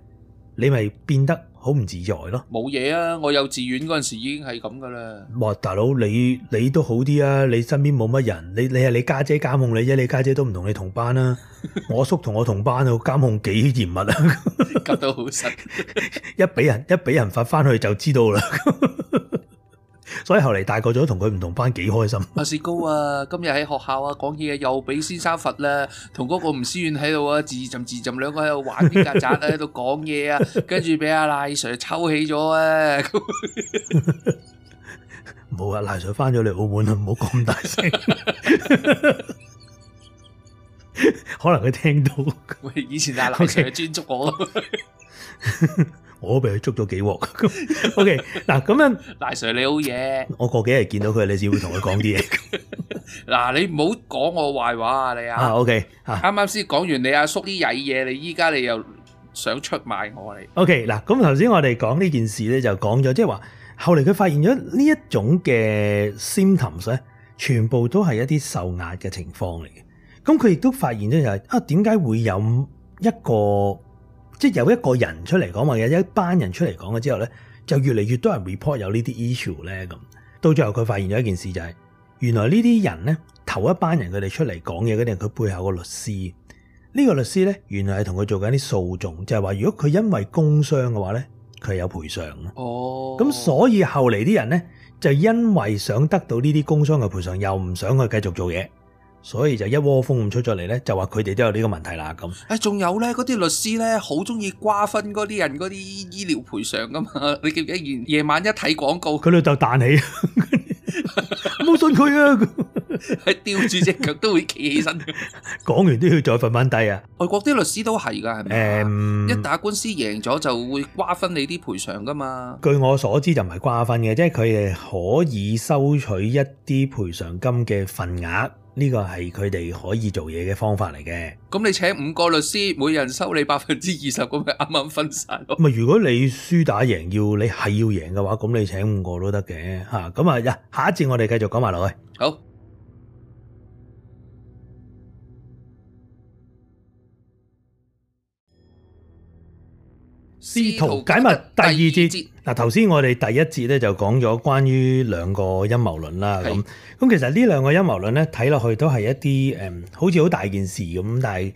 你咪變得好唔自在咯！冇嘢啊，我幼稚園嗰陣時已經係咁噶啦。哇，大佬，你你都好啲啊！你身邊冇乜人，你你係你家姐，姐監控你啫，你家姐，姐都唔同你同班啦。我叔同我同班啊， 班監控幾嚴密啊，搞到好實。一俾人一俾人發翻去就知道啦。 所以後嚟大個咗，同佢唔同班，幾開心。阿士高啊，今日喺學校啊，講嘢又俾先生罰啦。同嗰個吳思遠喺度啊，自浸自浸，兩個喺度玩啲曱甴啊，喺度講嘢啊，跟住俾阿賴 Sir 抽起咗啊。冇 啊，賴 Sir 翻咗嚟澳門啊，唔好咁大聲。 可能佢聽到。 以前阿賴 Sir 係專捉我 Okay. 我都畀佢捉咗幾鑊。OK，嗱咁樣，大 Sir 你好嘢。我過幾日見到佢，你只會同佢講啲嘢。嗱，你唔好講我壞話啊，你啊。啊，OK，啱啱先講完你阿叔啲曳嘢，你依家你又想出賣我你。OK，嗱，咁頭先我哋講呢件事咧，就講咗即係話，後嚟佢發現咗呢一種嘅 symptoms 咧，全部都係一啲受壓嘅情況嚟嘅。咁佢亦都發現咗，就係啊，點解會有一個？即係有一個人出嚟講話，或者有一班人出嚟講嘅之後咧，就越嚟越多人 report 有呢啲 issue 咧咁。到最後佢發現咗一件事就係、是，原來呢啲人咧，頭一班人佢哋出嚟講嘢嗰啲人，佢背後個律師、這個律師呢個律師咧，原來係同佢做緊啲訴訟，就係、是、話如果佢因為工傷嘅話咧，佢係有賠償哦，咁、oh. 所以後嚟啲人咧，就因為想得到呢啲工傷嘅賠償，又唔想佢繼續做嘢。所以就一窩蜂咁出咗嚟咧，就話佢哋都有呢個問題啦。咁，誒，仲有咧，嗰啲律師咧，好中意瓜分嗰啲人嗰啲醫療賠償噶嘛？你記唔記得？夜晚一睇廣告，佢老豆彈起，冇信佢啊！係吊住隻腳都會企起身。講完都要再瞓返低啊！外國啲律師都係噶，係咪？誒，一打官司贏咗就會瓜分你啲賠償噶嘛？據我所知就唔係瓜分嘅，即係佢哋可以收取一啲賠償金嘅份額。呢個係佢哋可以做嘢嘅方法嚟嘅。咁你請五個律師，每人收你百分之二十咁，咪啱啱分晒咯。咪如果你輸打贏要你係要贏嘅話，咁你請五個都得嘅吓。咁啊，下一節我哋繼續講埋落去。好。試圖解密第二節嗱。頭先我哋第一節咧就講咗關於兩個陰謀論啦，咁，咁的其實呢兩個陰謀論咧睇落去都係一啲誒，好似好大件事咁，但係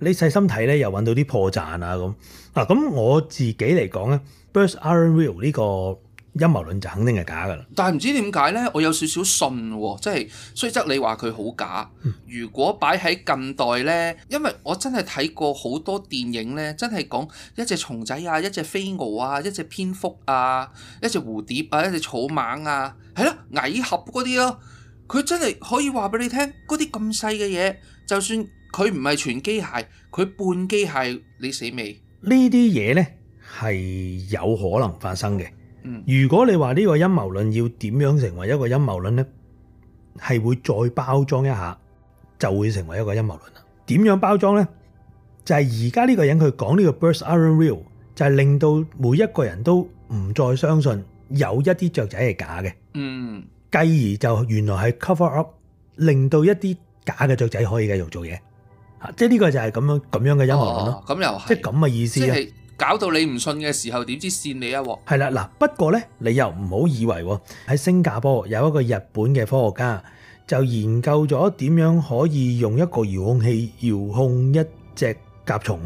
你細心睇咧又搵到啲破綻啊，咁嗱，咁我自己嚟講咧，Birds Aren't Real 呢個陰謀論就肯定係假㗎啦，但係唔知點解呢，我有少少信喎，即係雖則你話佢好假。如果擺喺近代呢，因為我真係睇過好多電影呢，真係講一隻蟲仔啊，一隻飛蛾啊，一隻蝙蝠啊，一隻蝴蝶啊，一隻草蜢啊，係咯，蟻俠嗰啲咯，佢真係可以話俾你聽，嗰啲咁細嘅嘢，就算佢唔係全機械，佢半機械，你死未？呢啲嘢呢，係有可能發生嘅。如果你話呢個陰謀論要點樣成為一個陰謀論呢？係會再包裝一下，就會成為一個陰謀論啦。點樣包裝呢？就係而家呢個人佢講呢個 birds aren't real，就係令到每一個人都唔再相信有一啲雀仔係假嘅。嗯，繼而就原來係 cover up，令到一啲假嘅雀仔可以繼續做嘢。吓，即係呢個就係咁樣咁樣嘅陰謀論咯。咁、哦、又係，即係咁嘅意思搞到你唔信嘅時候，點知扇你啊？係啦，嗱，不過咧，你又唔好以為喺新加坡有一個日本嘅科學家，就研究咗點樣可以用一個遙控器遙控一隻甲蟲。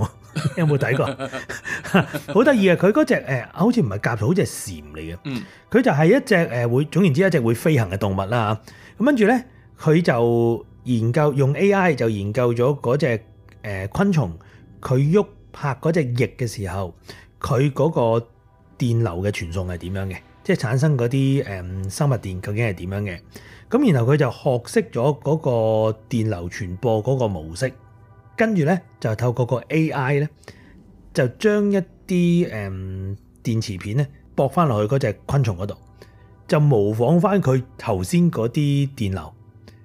有冇睇過？好得意啊，佢嗰隻誒，好似唔係甲蟲，好似係蟬嚟嘅。嗯，佢就係一隻誒會，總言之，一隻會飛行嘅動物啦。咁跟住咧，佢就研究用 A.I. 就研究咗嗰隻誒昆蟲，佢喐。拍嗰隻翼嘅時候，佢嗰個電流嘅傳送係點樣嘅？即係產生嗰啲誒生物電究竟係點樣嘅？咁然後佢就學識咗嗰個電流傳播嗰個模式，跟住咧就透過個 AI 咧，就將一啲誒電磁片咧駁翻落去嗰隻昆蟲嗰度，就模仿翻佢頭先嗰啲電流。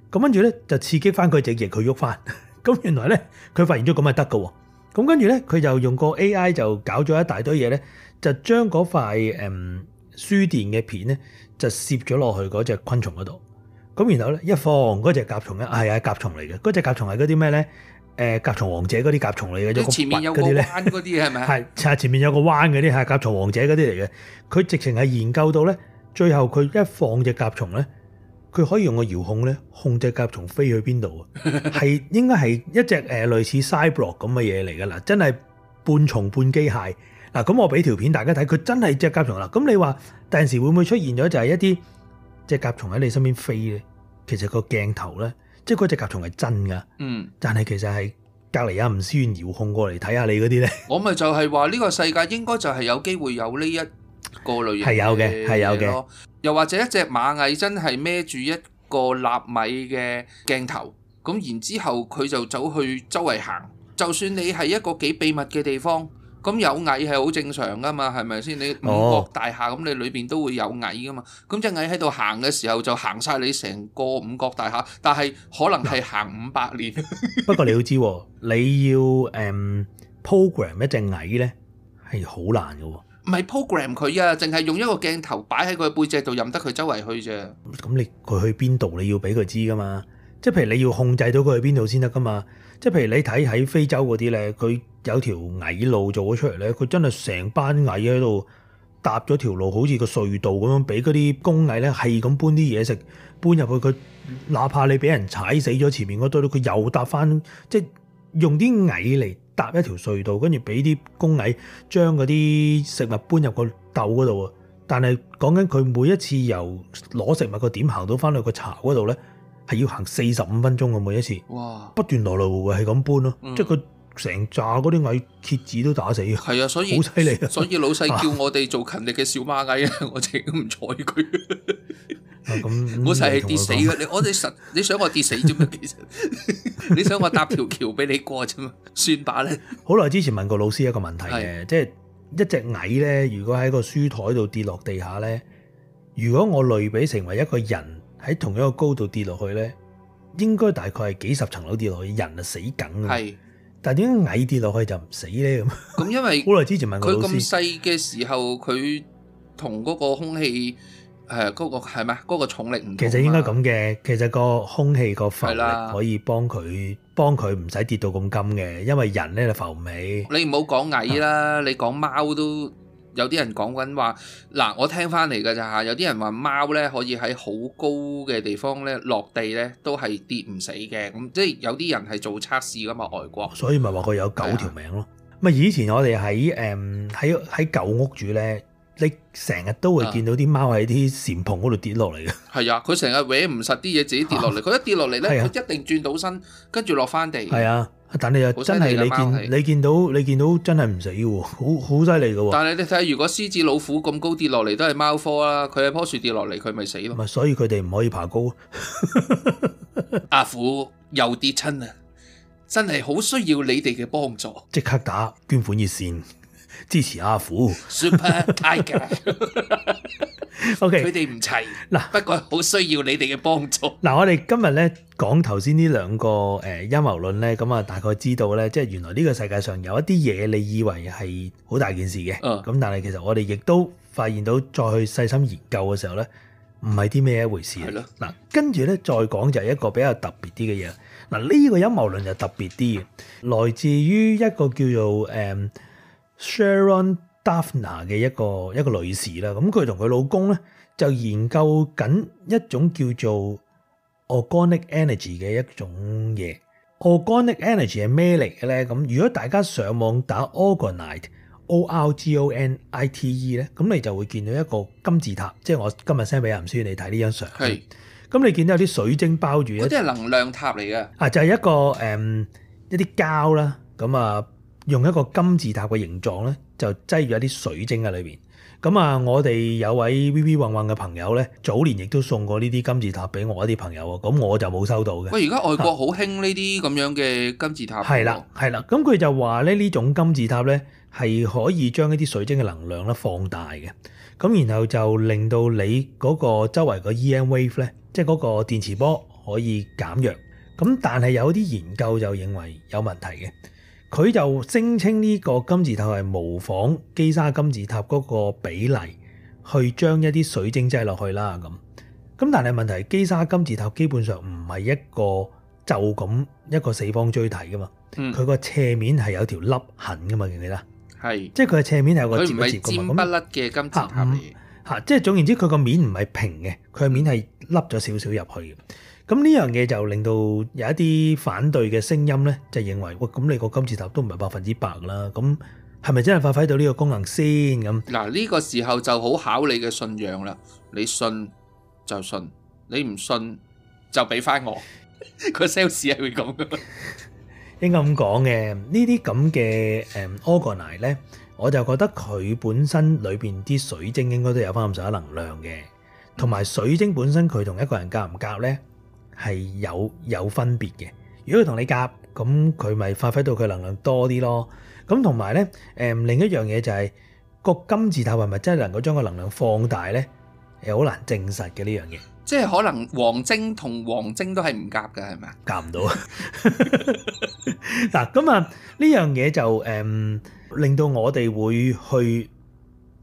咁跟住咧就刺激翻佢隻翼，佢喐翻。咁原來咧，佢發現咗咁係得嘅喎。咁跟住咧，佢就用個 A.I. 就搞咗一大堆嘢咧，就將嗰塊誒輸電嘅片咧，就攝咗落去嗰隻昆蟲嗰度。咁然後咧，一放嗰隻甲蟲咧，係、哎、啊甲蟲嚟嘅，嗰隻甲蟲係嗰啲咩咧？誒、呃、甲蟲王者嗰啲甲蟲嚟嘅，啲咧，就前面有個彎嗰啲，係咪啊？係前面有個彎嗰啲，係甲蟲王者嗰啲嚟嘅。佢直情係研究到咧，最後佢一放隻甲蟲咧。佢可以用個遙控咧控制甲蟲飛去邊度啊？係 應該係一隻誒、呃、類似 cyborg 咁嘅嘢嚟㗎啦，真係半蟲半機械。嗱、啊、咁我俾條片大家睇，佢真係隻甲蟲啦。咁、啊嗯、你話第時會唔會出現咗就係一啲隻甲蟲喺你身邊飛咧？其實個鏡頭咧，即係嗰隻甲蟲係真㗎，嗯，但係其實係隔離阿吳思遠遙控過嚟睇下你嗰啲咧。我咪就係話呢個世界應該就係有機會有呢一。過類嘢係有嘅，係有嘅咯。又或者一隻螞蟻真係孭住一個納米嘅鏡頭，咁然之後佢就走去周圍行。就算你係一個幾秘密嘅地方，咁有蟻係好正常噶嘛，係咪先？你五角大廈咁，你裏邊都會有蟻噶嘛。咁隻蟻喺度行嘅時候，就行晒你成個五角大廈，但係可能係行五百年。不過你要知，你要誒 program 一隻蟻呢，係好難噶。唔係 program 佢啊，淨係用一個鏡頭擺喺佢背脊度任得佢周圍去啫。咁你佢去邊度你要俾佢知噶嘛？即係譬如你要控制到佢去邊度先得噶嘛？即係譬如你睇喺非洲嗰啲咧，佢有條蟻路做咗出嚟咧，佢真係成班蟻喺度搭咗條路，好似個隧道咁樣，俾嗰啲工蟻咧係咁搬啲嘢食搬入去。佢哪怕你俾人踩死咗前面嗰堆，佢又搭翻，即係用啲蟻嚟，搭一條隧道，跟住俾啲工蟻將嗰啲食物搬入個竇嗰度啊！但係講緊佢每一次由攞食物個點行到翻去個巢嗰度咧，係要行四十五分鐘嘅每一次。哇！不斷來來回回係咁搬咯，嗯、即係佢。成扎嗰啲蟻蠍子都打死嘅，係啊，所以好犀利啊！所以老細叫我哋做勤力嘅小螞蟻 啊，我直都唔睬佢。咁老細係跌死嘅，你我哋實你想我跌死啫嘛？其實 你想我搭條橋俾你過啫嘛？算罷咧。好耐之前問過老師一個問題嘅，是的 即係一隻蟻咧，如果喺個書台度跌落地下咧，如果我類比成為一個人喺同一個高度跌落去咧，應該大概係幾十層樓跌落去，人啊死梗啊。但點解蟻跌落去就唔死咧咁？咁 因為好耐之前問過佢咁細嘅時候，佢同嗰個空氣嗰、呃嗰個係咩？嗰、嗰個、重力唔同其實應該咁嘅，其實個空氣個浮力可以幫佢的幫佢唔使跌到咁金嘅，因為人咧就浮尾。你唔好講蟻啦，嗯、你講貓都。有啲人講緊話，嗱，我聽翻嚟㗎咋嚇？有啲人話貓咧可以喺好高嘅地方咧落地咧都係跌唔死嘅，咁即係有啲人係做測試㗎嘛，外國。所以咪話佢有九條命咯。咪以前我哋喺誒喺喺舊屋住咧，你成日都會見到啲貓喺啲簷篷嗰度跌落嚟嘅。係啊，佢成日搲唔實啲嘢，自己跌落嚟。佢一跌落嚟咧，佢一定轉到身，跟住落翻地。係啊。但你又真係你見是你見到你見到真係唔死喎，好好犀利㗎喎。啊、但係你睇下，如果獅子老虎咁高跌落嚟都係貓科啦，佢喺樖樹跌落嚟佢咪死咯。咪所以佢哋唔可以爬高。 阿虎又跌親啊！真係好需要你哋嘅幫助，即刻打捐款熱線。支持阿虎，Super Tiger，OK，佢哋唔齊，嗱 Okay,，嗱，不過好需要你哋嘅幫助。嗱，我哋今日咧講頭先呢兩個誒陰謀論咧，咁啊大概知道咧，即係原來呢個世界上有一啲嘢，你以為係好大件事嘅，咁、嗯、但係其實我哋亦都發現到，再去細心研究嘅時候咧，唔係啲咩一回事。係咯的，嗱，跟住咧再講就係一個比較特別啲嘅嘢。嗱，呢、呢個陰謀論就特別啲嘅，來自於一個叫做誒。嗯 Sharon Daphna 嘅一個一個女士啦，咁佢同佢老公咧就研究緊一種叫做 Organic Energy 嘅一種嘢。Organic Energy 係咩嚟嘅咧？咁如果大家上網打 Organite，O R G O N I T E 咧，咁你就會見到一個金字塔，即係我今日 send 俾阿林書你睇呢張相。係。咁你見到有啲水晶包住，嗰啲係能量塔嚟嘅。啊，就係一個誒一啲膠啦，咁啊。用一個金字塔嘅形狀咧，就擠咗一啲水晶喺裏邊。咁啊，我哋有位 Vivy 混混嘅朋友咧，早年亦都送過呢啲金字塔俾我一啲朋友喎。咁我就冇收到嘅。喂，而家外國好興呢啲咁樣嘅金字塔。係啦、啊，係啦。咁佢就話咧，呢種金字塔咧係可以將一啲水晶嘅能量咧放大嘅。咁然後就令到你嗰個周圍嘅 EM wave 咧，即係嗰個電磁波可以減弱。咁但係有啲研究就認為有問題嘅。佢就聲稱呢個金字塔係模仿基沙金字塔嗰個比例，去將一啲水晶擠落去啦咁。咁但係問題，基沙金字塔基本上唔係一個就咁一個四方錐體噶嘛。佢個、嗯、斜面係有條凹痕噶嘛，記唔記得？係，即係佢個斜面係有個折一折嘅嘛。佢唔係尖不甩嘅金字塔嚟嘅。嚇，即係總言之，佢個面唔係平嘅，佢個面係凹咗少少入去嘅。咁呢樣嘢就令到有一啲反對嘅聲音咧，就認為喂，咁你個金字塔都唔係百分之百啦，咁係咪真係發揮到呢個功能先？咁嗱，呢個時候就好考你嘅信仰啦。你信就信，你唔信就俾翻我。個 sales 係會咁嘅，應該咁講嘅。呢啲咁嘅誒，orgonite 咧，我就覺得佢本身裏邊啲水晶應該都有翻咁上下能量嘅，同埋水晶本身佢同一個人夾唔夾咧？係有有分別嘅。如果佢同你夾，咁佢咪發揮到佢能量多啲咯。咁同埋呢，誒、嗯、另一樣嘢就係、是、個金字塔係咪真係能夠將個能量放大呢？又好難證實嘅呢樣嘢。即係可能黃晶同黃晶都係唔夾嘅，係咪啊？夾唔到啊！嗱，咁 啊， 呢樣嘢就誒、嗯、令到我哋會去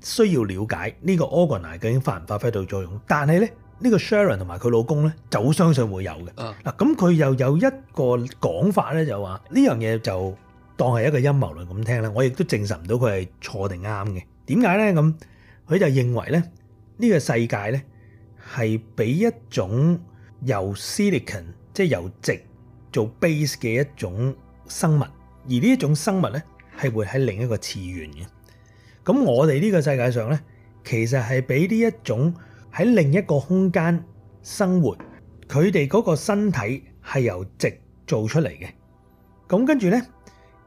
需要了解呢個 organize 究竟發唔發揮到作用，但係呢。呢個 Sharon 同埋佢老公咧就好相信會有嘅。嗱，咁佢又有一個講法咧，就話呢樣嘢就當係一個陰謀論咁聽啦。我亦都證實唔到佢係錯定啱嘅。點解咧？咁佢就認為咧，呢、呢個世界咧係俾一種由 silicon 即係由矽做 base 嘅一種生物，而呢一種生物咧係會喺另一個次元嘅。咁我哋呢個世界上咧，其實係俾呢一種。喺另一個空間生活，佢哋嗰個身體係由矽做出嚟嘅，咁跟住咧，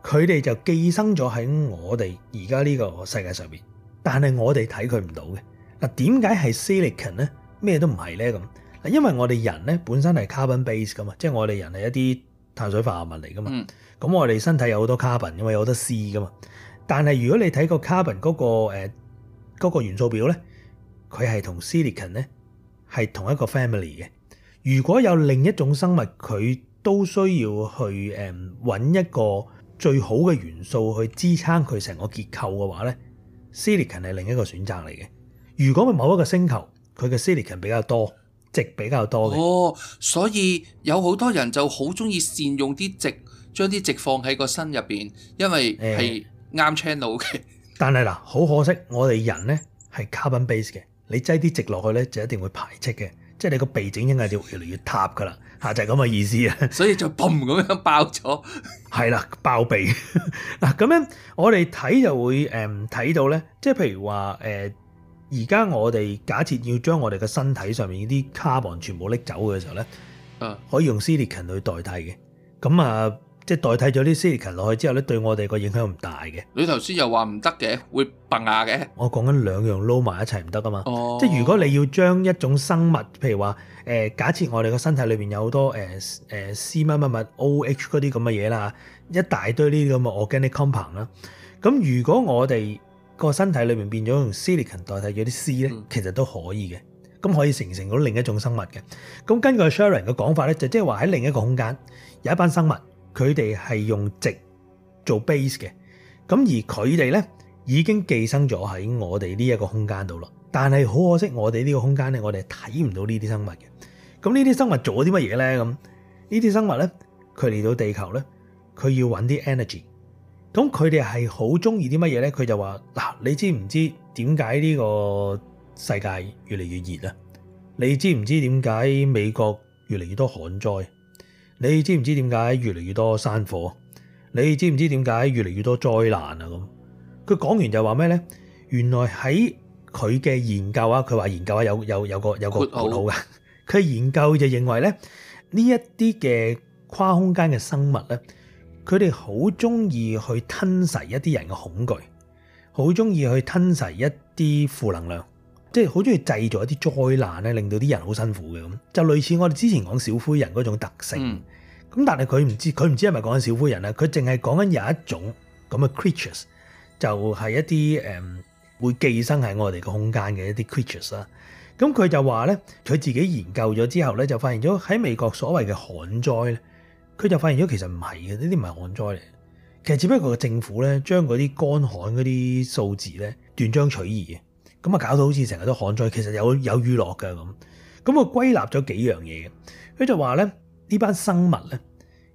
佢哋就寄生咗喺我哋而家呢個世界上邊，但係我哋睇佢唔到嘅。嗱，點解係 silicon 咧？咩都唔係咧咁。嗱，因為我哋人咧本身係 carbon base 噶嘛，即係我哋人係一啲碳水化合物嚟噶嘛。咁、嗯、我哋身體有好多 carbon，因為有得矽噶嘛。但係如果你睇、個 carbon 嗰、呃嗰個誒元素表咧。佢係同 silicon 咧係同一個 family 嘅。如果有另一種生物，佢都需要去誒揾，嗯，一個最好嘅元素去支撐佢成個結構嘅話咧，silicon 係另一個選擇嚟嘅。如果某一個星球佢嘅 silicon 比較多，矽比較多嘅。哦，所以有好多人就好中意善用啲矽，將啲矽放喺個身入邊，因為係啱 channel 嘅。 但係嗱，好可惜，我哋人呢係 carbon base 嘅。你擠啲直落去咧，就一定會排斥嘅，即係你個鼻整應該係越嚟越塌噶啦吓，就係咁嘅意思啊！所以就砰咁樣爆咗，係啦， 爆鼻嗱咁樣， 那我哋睇就會誒睇、呃、到咧，即係譬如話誒，而、呃、家我哋假設要將我哋嘅身體上面啲 carbon 全部拎走嘅時候咧，啊，可以用 silicon 去代替嘅，咁啊。即係代替咗啲 silicon 落去之後咧，對我哋個影響唔大嘅。你頭先又話唔得嘅，會拔牙嘅。我講緊兩樣撈埋一齊唔得噶嘛。哦、即係如果你要將一種生物，譬如話誒、呃，假設我哋個身體裏邊有好多誒誒 C 乜乜乜 O H 嗰啲咁嘅嘢啦，一大堆呢啲咁嘅 organic compound 啦。咁如果我哋個身體裏邊變咗用 silicon 代替咗啲 C 咧，嗯、其實都可以嘅。咁可以形成到另一種生物嘅。咁根據 Sharon 嘅講法咧，就即係話喺另一個空間有一班生物。佢哋係用矽做 base 嘅，咁而佢哋呢已經寄生咗喺我哋呢一個空間度啦。但係好可惜，我哋呢個空間呢，我哋睇唔到呢啲生物嘅。咁呢啲生物做咗啲乜嘢呢？咁呢啲生物呢，佢嚟到地球呢，佢要揾啲 energy。咁佢哋係好中意啲乜嘢呢？佢就話：嗱，你知唔知點解呢個世界越嚟越熱啊？你知唔知點解美國越嚟越多旱災？你知唔知點解越嚟越多山火？你知唔知點解越嚟越多災難啊？咁佢講完就話咩咧？原來喺佢嘅研究啊，佢話研究啊有有有個有個盤好嘅。佢 Good old. 研究就認為咧，呢一啲嘅跨空間嘅生物咧，佢哋好中意去吞噬一啲人嘅恐懼，好中意去吞噬一啲負能量。即係好中意製造一啲災難咧，令到啲人好辛苦嘅咁，就類似我哋之前講小灰人嗰種特性。咁、嗯、但係佢唔知佢唔知係咪講緊小灰人啊？佢淨係講緊有一種咁嘅 creatures，就係一啲誒、嗯、會寄生喺我哋個空間嘅一啲 creatures 啦。咁佢就話咧，佢自己研究咗之後咧，就發現咗喺美國所謂嘅旱災咧，佢就發現咗其實唔係嘅，呢啲唔係旱災嚟。其實只不過個政府咧，將嗰啲乾旱嗰啲數字咧斷章取義。咁啊，搞到好似成日都旱災，其實有有雨落嘅咁。咁佢歸納咗幾樣嘢，佢就話咧，呢班生物咧，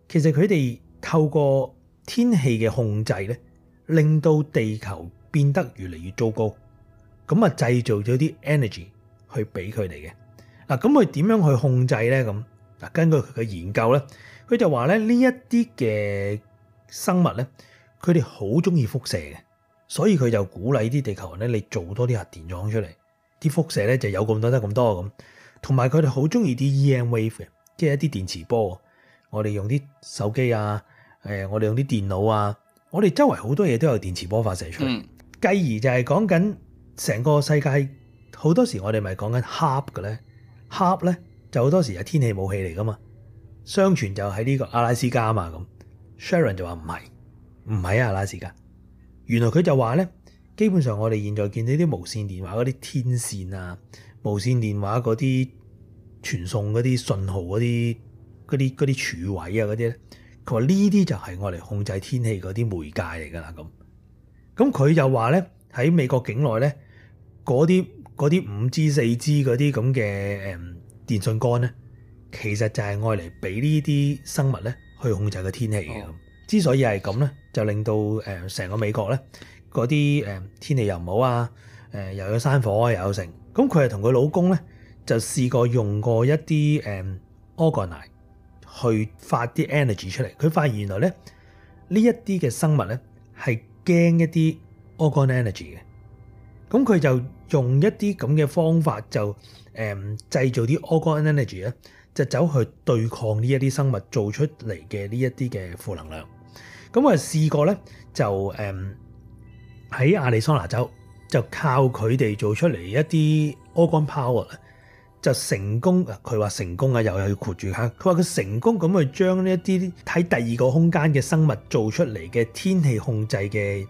其實佢哋透過天氣嘅控制咧，令到地球變得越嚟越糟糕。咁啊，製造咗啲 energy 去俾佢哋嘅。嗱，咁佢點樣去控制咧？咁嗱，根據佢嘅研究咧，佢就話咧，呢一啲嘅生物咧，佢哋好中意輻射嘅。所以佢就鼓勵啲地球人咧，你做多啲核電廠出嚟，啲輻射咧就有咁多得咁多咁。同埋佢哋好中意啲 EM wave 嘅，即係一啲電磁波。我哋用啲手機啊，誒，我哋用啲電腦啊，我哋周圍好多嘢都有電磁波發射出嚟。繼、嗯、而就係講緊成個世界好多時我，我哋咪講緊 HAARP 嘅咧，HAARP 咧就好多時係天氣武器嚟噶嘛。相傳就喺呢個阿拉斯加啊嘛，咁 Sharon 就話唔係，唔係、啊、阿拉斯加。原來佢就話呢，基本上我哋現在見到啲無線電話嗰啲天線啊，無線電話嗰啲傳送嗰啲信號嗰啲嗰啲嗰啲柱位啊嗰啲呢，佢話呢啲就係愛嚟控制天氣嗰啲媒介嚟㗎啦咁。咁佢就話呢，喺美國境內呢，嗰啲啲五 G 四 G 嗰啲咁嘅誒電信杆呢，其實就係愛嚟俾呢啲生物呢去控制個天氣。哦、之所以係咁呢。就令到誒成個美國咧，嗰啲誒天氣又唔好啊，誒又有山火，又有成。咁佢係同佢老公咧，就試過用過一啲誒 organite 去發啲 energy 出嚟。佢發現原來咧呢一啲嘅生物咧係驚一啲 organ energy 嘅。咁佢就用一啲咁嘅方法就誒製造啲 organ energy 咧，就走去對抗呢一啲生物做出嚟嘅呢一啲嘅負能量。咁我就試過呢，就喺亞利桑拿州就靠佢哋做出嚟一啲 organ power，就成功。佢話成功啊，又又要括住吓。佢話佢成功咁去將呢一啲喺第二個空間嘅生物做出嚟嘅天氣控制嘅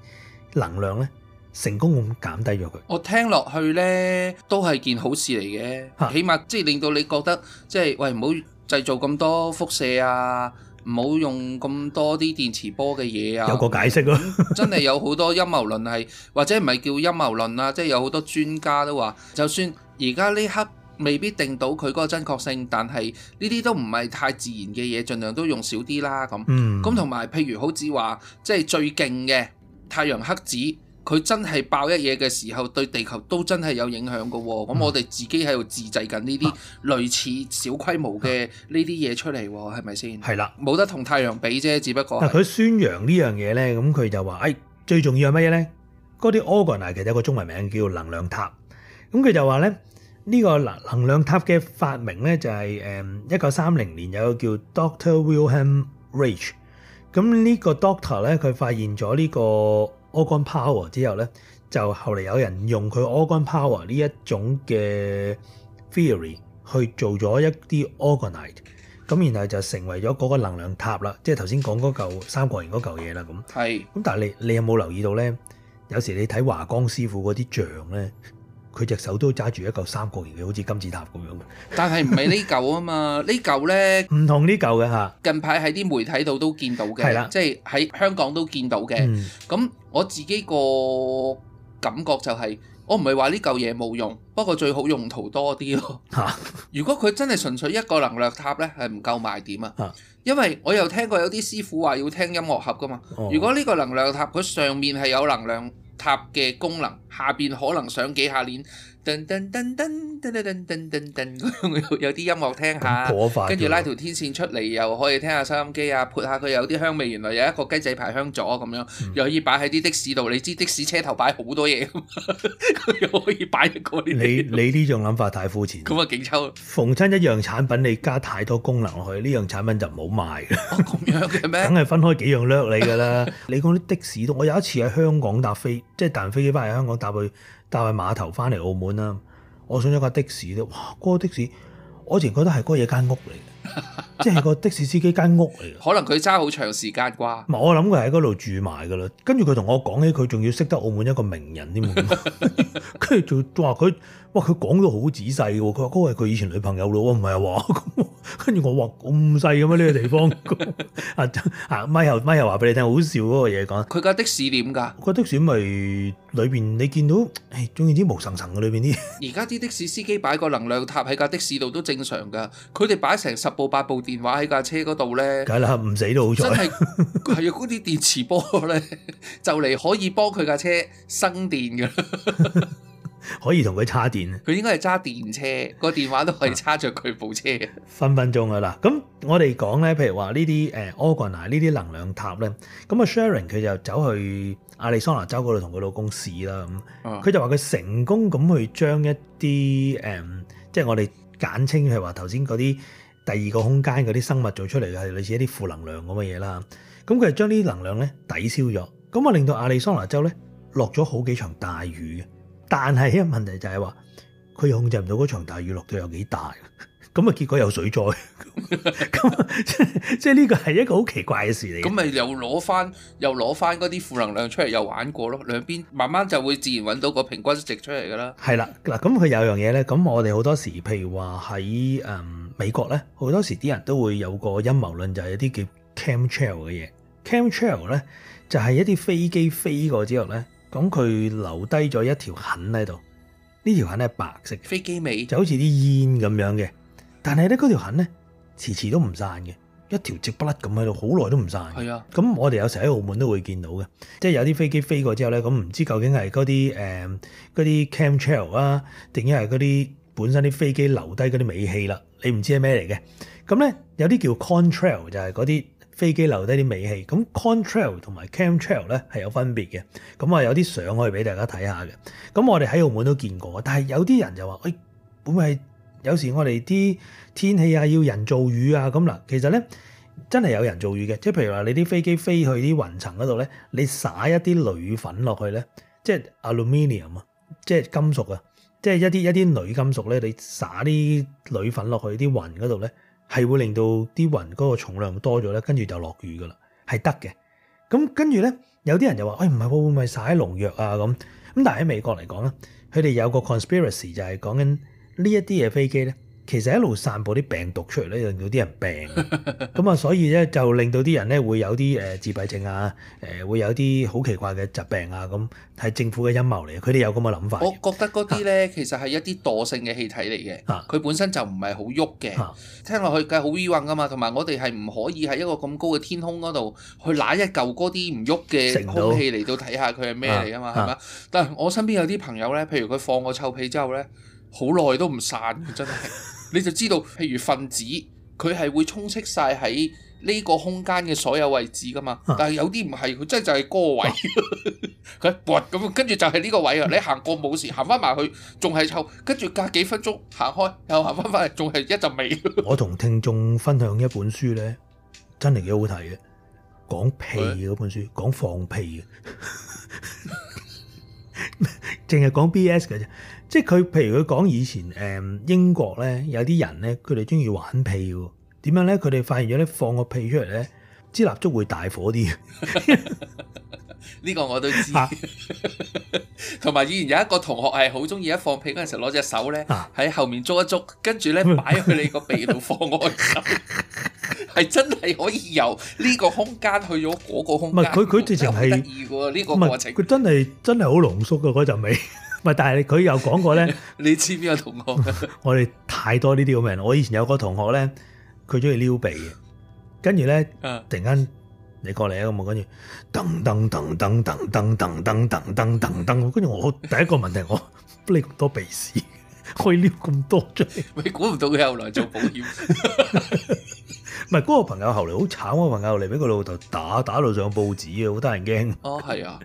能量呢，成功咁減低咗佢。我聽落去呢，都係件好事嚟嘅，哈起碼即係令到你覺得即係、就是、喂唔好製造咁多輻射啊！唔好用咁多啲電磁波嘅嘢啊！有個解釋咯、啊， 真係有好多陰謀論係，或者唔係叫陰謀論啦、啊，即係有好多專家都話，就算而家呢刻未必定到佢個真確性，但係呢啲都唔係太自然嘅嘢，盡量都用少啲啦。咁，咁同埋譬如好似話，即係最勁嘅太陽黑子。佢真係爆一嘢嘅時候，對地球都真係有影響嘅喎。咁我哋自己喺度自製緊呢啲類似小規模嘅呢啲嘢出嚟，係咪先？係啦，冇的得同太陽比啫，只不過。但係佢宣揚呢樣嘢呢，咁佢就話：誒、哎，最重要係乜嘢呢？嗰啲 organ，其實有個中文名叫能量塔。咁佢就話呢呢個能能量塔嘅發明呢，就係誒一九三零年，有個叫 Doctor Wilhelm Reich。咁呢個 Doctor 呢，佢發現咗呢個。Organ power 之後咧，就後嚟有人用佢 organ power 呢一種嘅 theory 去做咗一啲 organite，咁然後就成為咗嗰個能量塔啦。即係頭先講嗰嚿三角形嗰嚿嘢啦。咁係是。咁但係你你有冇留意到咧？有時你睇華江師傅嗰啲像咧。佢隻手都揸住一嚿三角形嘅，好似金字塔咁樣嘅。 但係唔係呢嚿啊嘛？呢嚿呢？唔同呢嚿嘅嚇。近排喺啲媒體度都見到嘅，是的即係喺香港都見到嘅。咁、嗯、我自己個感覺就係、是，我唔係話呢嚿嘢冇用，不過最好用途多啲咯。嚇、啊！如果佢真係純粹一個能量塔呢，係唔夠賣點啊。因為我又聽過有啲師傅話要聽音樂盒噶嘛。哦、如果呢個能量塔佢上面係有能量。塔嘅功能，下邊可能上幾下鏈。噔噔噔噔噔噔噔噔噔，有啲音樂聽下，跟住是拉，拉條天線出嚟，又可以聽下收音機啊，潑下佢有啲香味，原來有一個雞仔牌香咗咁樣，又可以擺喺啲的士度。你知的士車頭擺好多嘢，佢、mm. 又可以擺一個。你你呢種諗法太膚淺。咁啊，景 抽？逢親一樣產品你加太多功能去，呢、這、樣、個、產品就唔好賣。咁樣嘅咩？梗係分開幾樣掠你㗎啦。你講啲的士度，我有一次喺香港搭飛，即係搭人飛機翻嚟香港搭去。搭去碼頭翻嚟澳門啦，我上咗架的士咧，哇，嗰個的士，我以前覺得係嗰嘢間屋嚟嘅， 即係個的士司機間屋嚟嘅，可能佢揸好長時間啩。唔係，我諗佢喺嗰度住埋㗎喇，跟住佢同我講起佢仲要識得澳門一個名人添，跟住仲話佢。 哇！佢講到好仔細嘅喎，佢話嗰個係佢以前女朋友咯，唔係啊？喎，咁跟住我話咁細嘅咩呢個地方？啊 啊！咪又咪又話俾你聽，好笑嗰個嘢講。佢架的，的士點噶？佢架的士咪裏邊你見到，唉、哎，中意啲毛層層嘅裏邊啲。而家啲的士司機擺個能量塔喺架的士度都正常噶，佢哋擺成十部八部電話喺架車嗰度咧，梗係啦，唔死都好彩。真係係啊！嗰啲電磁波咧， 就嚟可以幫佢架車生電噶。 可以同佢叉電，佢應該係揸電車，個電話都可以叉着佢部車嘅、啊、分分鐘噶啦。咁我哋講咧，譬如話呢啲誒 organ 啊，呢、欸、啲能量塔咧，咁啊 Sharon 佢就走去阿里桑拿州嗰度同佢老公試啦。咁佢就話佢成功咁去將一啲誒，即、嗯、係、就是、我哋簡稱佢話頭先嗰啲第二個空間嗰啲生物做出嚟嘅係類似一啲負能量咁嘅嘢啦。咁佢就將呢啲能量咧抵消咗，咁啊令到阿里桑拿州咧落咗好幾場大雨。但係一個問題就係話，佢控制唔到嗰場大雨落到有幾大，咁啊結果有水災。咁即係呢個係一個好奇怪嘅事嚟。咁咪 又攞翻，又攞翻嗰啲負能量出嚟，又玩過咯。兩邊慢慢就會自然揾到個平均值出嚟㗎啦。係啦，嗱，咁佢有樣嘢咧，咁我哋好多時，譬如話喺誒美國咧，好多時啲人都會有個陰謀論，就係、是、一啲叫 Chem Trail 嘅嘢。Chem Trail 咧就係、是、一啲飛機飛過之後咧。咁佢留低咗一條痕喺度，呢條痕咧係白色，飛機尾就好似啲煙咁樣嘅，但係咧嗰條痕咧遲遲都唔散嘅，一條直不甩咁喺度，好耐都唔散。係啊的，咁我哋有時喺澳門都會見到嘅，即係有啲飛機飛過之後咧，咁唔知究竟係嗰啲嗰啲 chem trail 啊，定係嗰啲本身啲飛機留低嗰啲尾氣啦？你唔知係咩嚟嘅？咁咧有啲叫 contrail 就係嗰啲。飛機留低啲尾氣，咁 contrail 同埋 chemtrail 咧係有分別嘅。咁啊，有啲相可以俾大家睇下嘅。咁我哋喺澳門都見過，但係有啲人就話：誒、哎，會唔會有時我哋啲天氣啊要人造雨啊咁嗱？其實咧真係有人造雨嘅。即係譬如話你啲飛機飛去啲雲層嗰度咧，你撒一啲鋁粉落去咧，即係 aluminium 啊，即係金屬啊，即係一啲一啲鋁金屬咧，你撒啲鋁粉落去啲雲嗰度咧。係會令到啲雲嗰個重量多咗咧，跟住就落雨噶啦，係得嘅。咁跟住咧，有啲人就話：誒唔係喎，會唔會撒喺農藥啊？咁咁，但係喺美國嚟講咧，佢哋有個 conspiracy 就係講緊呢一啲嘅飛機咧。其實一路散播啲病毒出嚟咧，令到啲人病。咁啊，所以咧就令到啲人咧會有啲誒自閉症啊，誒、呃、會有啲好奇怪嘅疾病啊。咁係政府嘅陰謀嚟嘅，佢哋有咁嘅諗法。我覺得嗰啲咧其實係一啲惰性嘅氣體嚟嘅，佢、啊、本身就唔係好喐嘅。啊、聽落去梗係好冤㗎嘛，同埋我哋係唔可以喺一個咁高嘅天空嗰度去揦一嚿嗰啲唔喐嘅空氣嚟到睇下佢係咩嚟啊嘛吧，係嘛？但係我身邊有啲朋友咧，譬如佢放個臭屁之後咧，好耐都唔散，真係。你就知道，譬如分子佢係會充斥晒喺呢個空間嘅所有位置噶嘛，啊、但係有啲唔係，佢真係就係個位，佢噏咁，跟住 就係呢個位啊！你行過冇事，行翻埋去仲係臭，跟住隔幾分鐘行開又行翻翻嚟，仲係一陣味。 我同聽眾分享一本書咧，真係幾好睇嘅，講屁嗰本書，講放的屁嘅，淨係講 B.S. 嘅啫。即係佢，譬如佢講以前誒、嗯，英國咧有啲人咧，佢哋中意玩屁嘅。點樣咧？佢哋發現咗咧，放個屁出嚟咧，支蠟燭會大火啲。呢 個我都知。同埋、啊、 以前有一個同學係好中意一放屁嗰陣時攞隻手咧喺、啊、後面捉一捉，跟住咧擺去你個鼻度放愛心，係 真係可以由呢個空間去咗嗰個空間。唔係佢佢直情係得意喎，呢個過程佢真係真係好濃縮嘅嗰陣味。唔但係佢又講過咧，你知唔知個同學？我哋太多呢啲咁嘅人。我以前有個同學咧，佢中意撩鼻嘅，跟住咧，突然間你過嚟啊咁啊，跟住噔噔噔噔噔噔噔噔噔噔，跟住我第一個問題，我乜咁多鼻屎，可以撩咁多啫？你估唔到佢後來做保險。唔係嗰個朋友，後嚟好慘。啊、那。個朋友嚟俾個老豆打，打到上報紙、哦、啊，好得人驚。哦，係啊，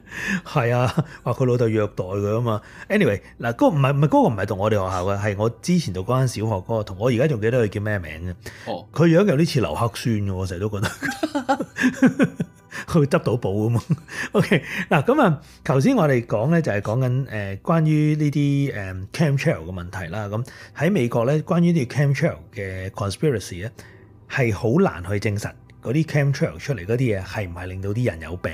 係啊，話佢老豆虐待佢啊嘛。anyway，嗱、那個，嗰、那個唔係唔係嗰個唔係同我哋學校嘅，係我之前讀嗰間小學嗰個同我而家仲記得佢叫咩名嘅。哦，佢樣有啲似劉克孫嘅，我成日都覺得佢執 到寶啊嘛。OK，嗱咁啊，頭先我哋講咧就係講緊誒關於呢啲誒 chemtrail 嘅問題啦。咁喺美國咧，關於呢啲 chemtrail 嘅 conspiracy 咧。係好難去證實嗰啲 Chem Trail 出嚟嗰啲嘢係唔係令到啲人有病。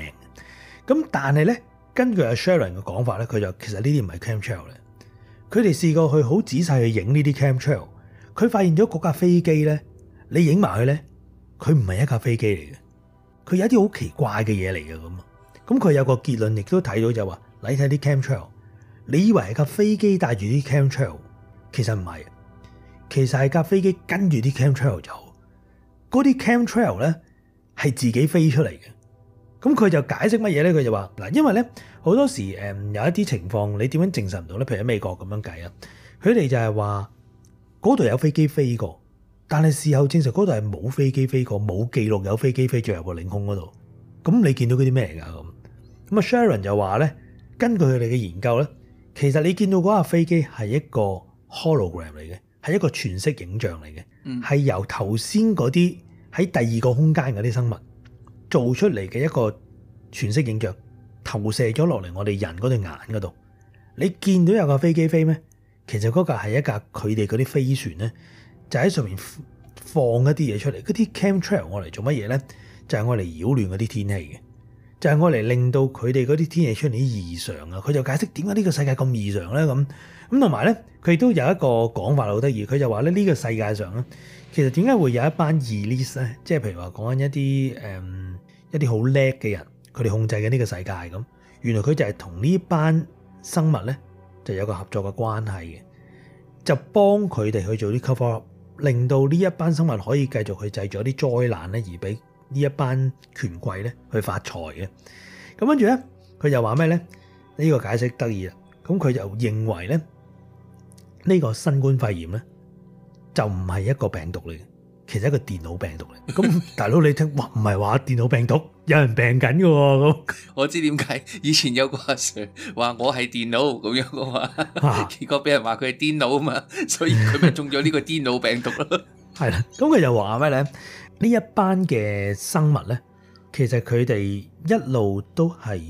咁但係咧，根據阿 Sharon 嘅講法咧，佢就其實呢啲唔係 Chem Trail 咧。佢哋試過去好仔細去影呢啲 Chem Trail，佢發現咗嗰架飛機咧，你影埋佢咧，佢唔係一架飛機嚟嘅，佢有一啲好奇怪嘅嘢嚟嘅咁啊。咁佢有個結論，亦都睇到就話：你睇啲 Chem Trail，你以為係一架飛機帶住啲 Chem Trail，其實唔係，其實係架飛機跟住啲 Chem Trail 走。嗰啲 Chem Trail 咧係自己飛出嚟嘅，咁佢就解釋乜嘢咧？佢就話嗱，因為咧好多時、嗯、有一啲情況，你點樣證實唔到咧？譬如喺美國咁樣計啊，佢哋就係話嗰度有飛機飛過，但係事後證實嗰度係冇飛機飛過，冇記錄有飛機飛咗入個領空嗰度。咁你見到嗰啲咩㗎咁？咁啊 Sharon 就話咧，根據佢哋嘅研究咧，其實你見到嗰架飛機係一個 hologram 嚟嘅，係一個全息影像嚟嘅。係由頭先嗰啲喺第二個空間嗰啲生物做出嚟嘅一個全息影像投射咗落嚟我哋人嗰對眼嗰度，你見到有架飛機飛咩？其實嗰架係一架佢哋嗰啲飛船咧，就喺上面放一啲嘢出嚟。嗰啲 Chem Trail 我嚟做乜嘢咧？就係我嚟擾亂嗰啲天氣嘅，就係我嚟令到佢哋嗰啲天氣出嚟啲異常啊！佢就解釋點解呢個世界咁異常咧咁。咁同埋咧，佢亦都有一個講法好得意，佢就話咧呢、這個世界上咧，其實點解會有一班二 l i s 咧？即係譬如話講緊一啲誒、嗯、一啲好叻嘅人，佢哋控制緊呢個世界咁。原來佢就係同呢班生物咧就有個合作嘅關係嘅，就幫佢哋去做啲 cover up，令到呢一班生物可以繼續去製造啲災難咧，而俾呢一班權貴咧去發財嘅。咁跟住咧，佢又話咩咧？呢、這個解釋得意啊！咁佢就認為咧。呢個新冠肺炎咧就唔係一個病毒嚟嘅，其實係一個電腦病毒嚟。咁 大佬你聽話，哇唔係話電腦病毒，有人病緊嘅喎。咁 我知點解以前有個阿 Sir 話我係電腦咁樣嘅話，結果俾人話佢係電腦啊嘛，所以佢咪中咗呢個電腦病毒咯。係 啦， 咁佢又話咩咧？呢一班嘅生物咧，其實佢哋一路都係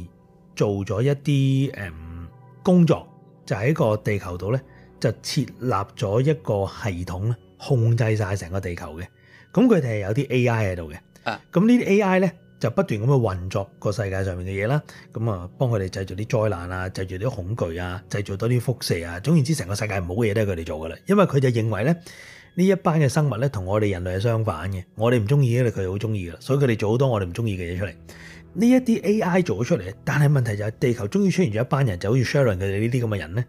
做咗一啲誒、嗯、工作，就喺、是、個地球度咧。就設立咗一個系統咧，控制晒成個地球嘅。咁佢哋係有啲 AI 喺度嘅。啊，咁呢啲 AI 咧就不斷咁去運作個世界上面嘅嘢啦。咁啊，幫佢哋製造啲災難啊，製造啲恐懼啊，製造多啲輻射啊。總言之，成個世界唔好嘅嘢都係佢哋做㗎啦。因為佢就認為咧，呢一班嘅生物咧同我哋人類係相反嘅。我哋唔中意嘅，佢哋好中意㗎。所以佢哋做好多我哋唔中意嘅嘢出嚟。呢一啲 AI 做咗出嚟，但係問題就係地球終於出現咗一班人，就好似 Sharon 佢哋呢啲咁嘅人咧，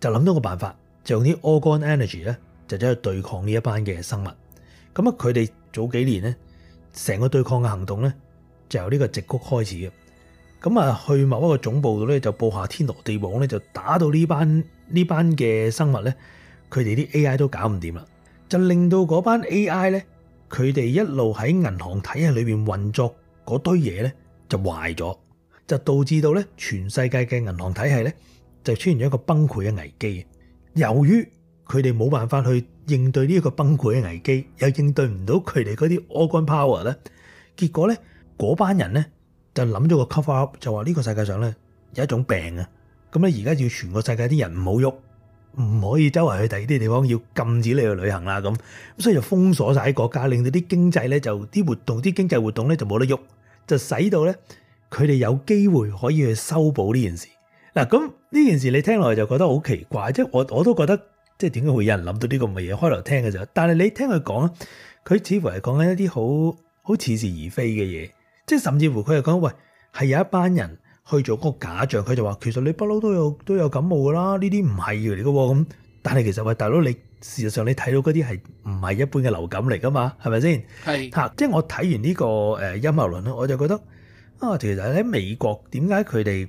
就諗到個辦法。就用啲 Organ Energy 咧，就走去對抗呢一班嘅生物。咁啊，佢哋早幾年咧，成個對抗嘅行動咧，就由呢個直谷開始嘅。咁啊，去某一個總部度咧，就布下天羅地網咧，就打到呢班呢班嘅生物咧，佢哋啲 A.I. 都搞唔掂啦，就令到嗰班 A.I. 咧，佢哋一路喺銀行體系裏邊運作嗰堆嘢咧，就壞咗，就導致到咧全世界嘅銀行體系咧，就出現咗一個崩潰嘅危機。由於佢哋冇辦法去應對呢一個崩潰嘅危機，又應對唔到佢哋嗰啲 organ power 咧，結果呢嗰班人呢，就諗咗個 cover up，就話呢個世界上呢，有一種病啊。咁咧而家要全個世界啲人唔好喐，唔可以周圍去第二啲地方，要禁止你去旅行啦咁，咁所以就封鎖晒啲國家，令到啲經濟呢，就啲活動、啲經濟活動呢，就冇得喐，就使到呢，佢哋有機會可以去修補呢件事。嗱咁呢件事你聽落去就覺得好奇怪，即係我我都覺得即係點解會有人諗到呢個咁嘅嘢，開頭聽嘅時候，但係你聽佢講咧，佢似乎係講緊一啲好好似是而非嘅嘢，即係甚至乎佢係講喂，係有一班人去做嗰個假象，佢就話其實你不嬲都有都有感冒噶啦，呢啲唔係嚟噶咁。但係其實喂大佬，你事實上你睇到嗰啲係唔係一般嘅流感嚟噶嘛？係咪先？係吓是，即係我睇完呢個誒陰謀論咧，我就覺得啊，其實喺美國點解佢哋？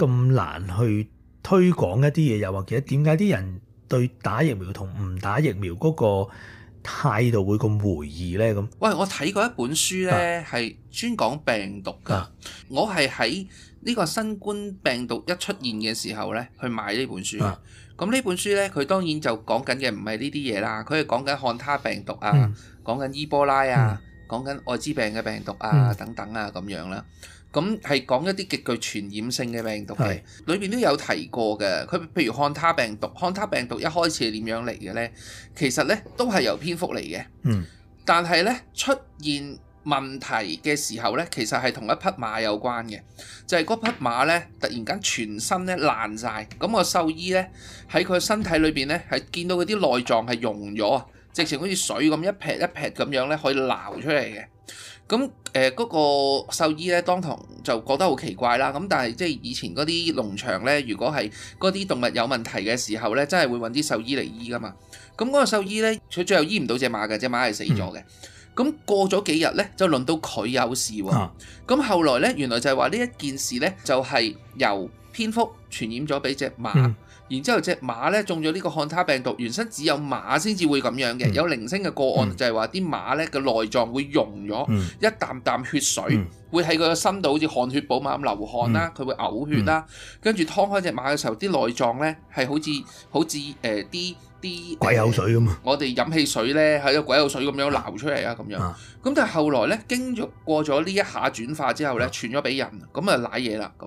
咁難去推廣一啲嘢，又或者點解啲人對打疫苗同唔打疫苗嗰個態度會咁懷疑呢？咁，喂，我睇過一本書呢係專講病毒嘅。啊、我係喺呢個新冠病毒一出現嘅時候呢去買呢本書。咁呢、啊、本書呢，佢當然就講緊嘅唔係呢啲嘢啦，佢係講緊漢他病毒啊，講緊、嗯、伊波拉啊，講緊愛滋病嘅病毒啊，嗯、等等啊，咁樣啦。咁係講一啲極具傳染性嘅病毒嘅，裏面都有提過嘅。佢譬如漢他病毒，漢他病毒一開始係點樣嚟嘅呢？其實呢都係由蝙蝠嚟嘅。嗯。但係呢，出現問題嘅時候呢，其實係同一匹馬有關嘅，就係、是、嗰匹馬呢突然間全身咧爛晒。咁、那個獸醫呢，喺佢身體裏面呢，係見到嗰啲內臟係溶咗啊，直情好似水咁一劈一劈咁樣呢，可以撈出嚟嘅。咁嗰、呃嗰個獸醫咧，當堂就覺得好奇怪啦。咁但係即係以前嗰啲農場咧，如果係嗰啲動物有問題嘅時候咧，真係會搵啲獸醫嚟醫噶嘛。咁、那、嗰個獸醫咧，佢最後醫唔到隻馬嘅，隻馬係死咗嘅。嗯咁過咗幾日呢，就輪到佢有事喎、啊。咁後來呢，原來就係話呢一件事呢，就係由蝙蝠傳染咗俾隻馬，嗯、然之後隻馬呢，中咗呢個漢他病毒，原身只有馬先至會咁樣嘅。嗯、有零星嘅個案就係話啲馬呢個內臟會溶咗，嗯、一啖啖血水、嗯、會喺佢個身度好似汗血寶馬咁流汗啦，佢、嗯、會嘔血啦，跟住劏開隻馬嘅時候，啲內臟呢係好似好似啲。呃啲鬼口水吖嘛，呃、我哋飲汽水咧，喺個鬼口水咁樣流出嚟啊！咁樣咁，但係後來咧，經過咗呢一下轉化之後咧，傳咗俾人，咁啊瀨嘢啦咁。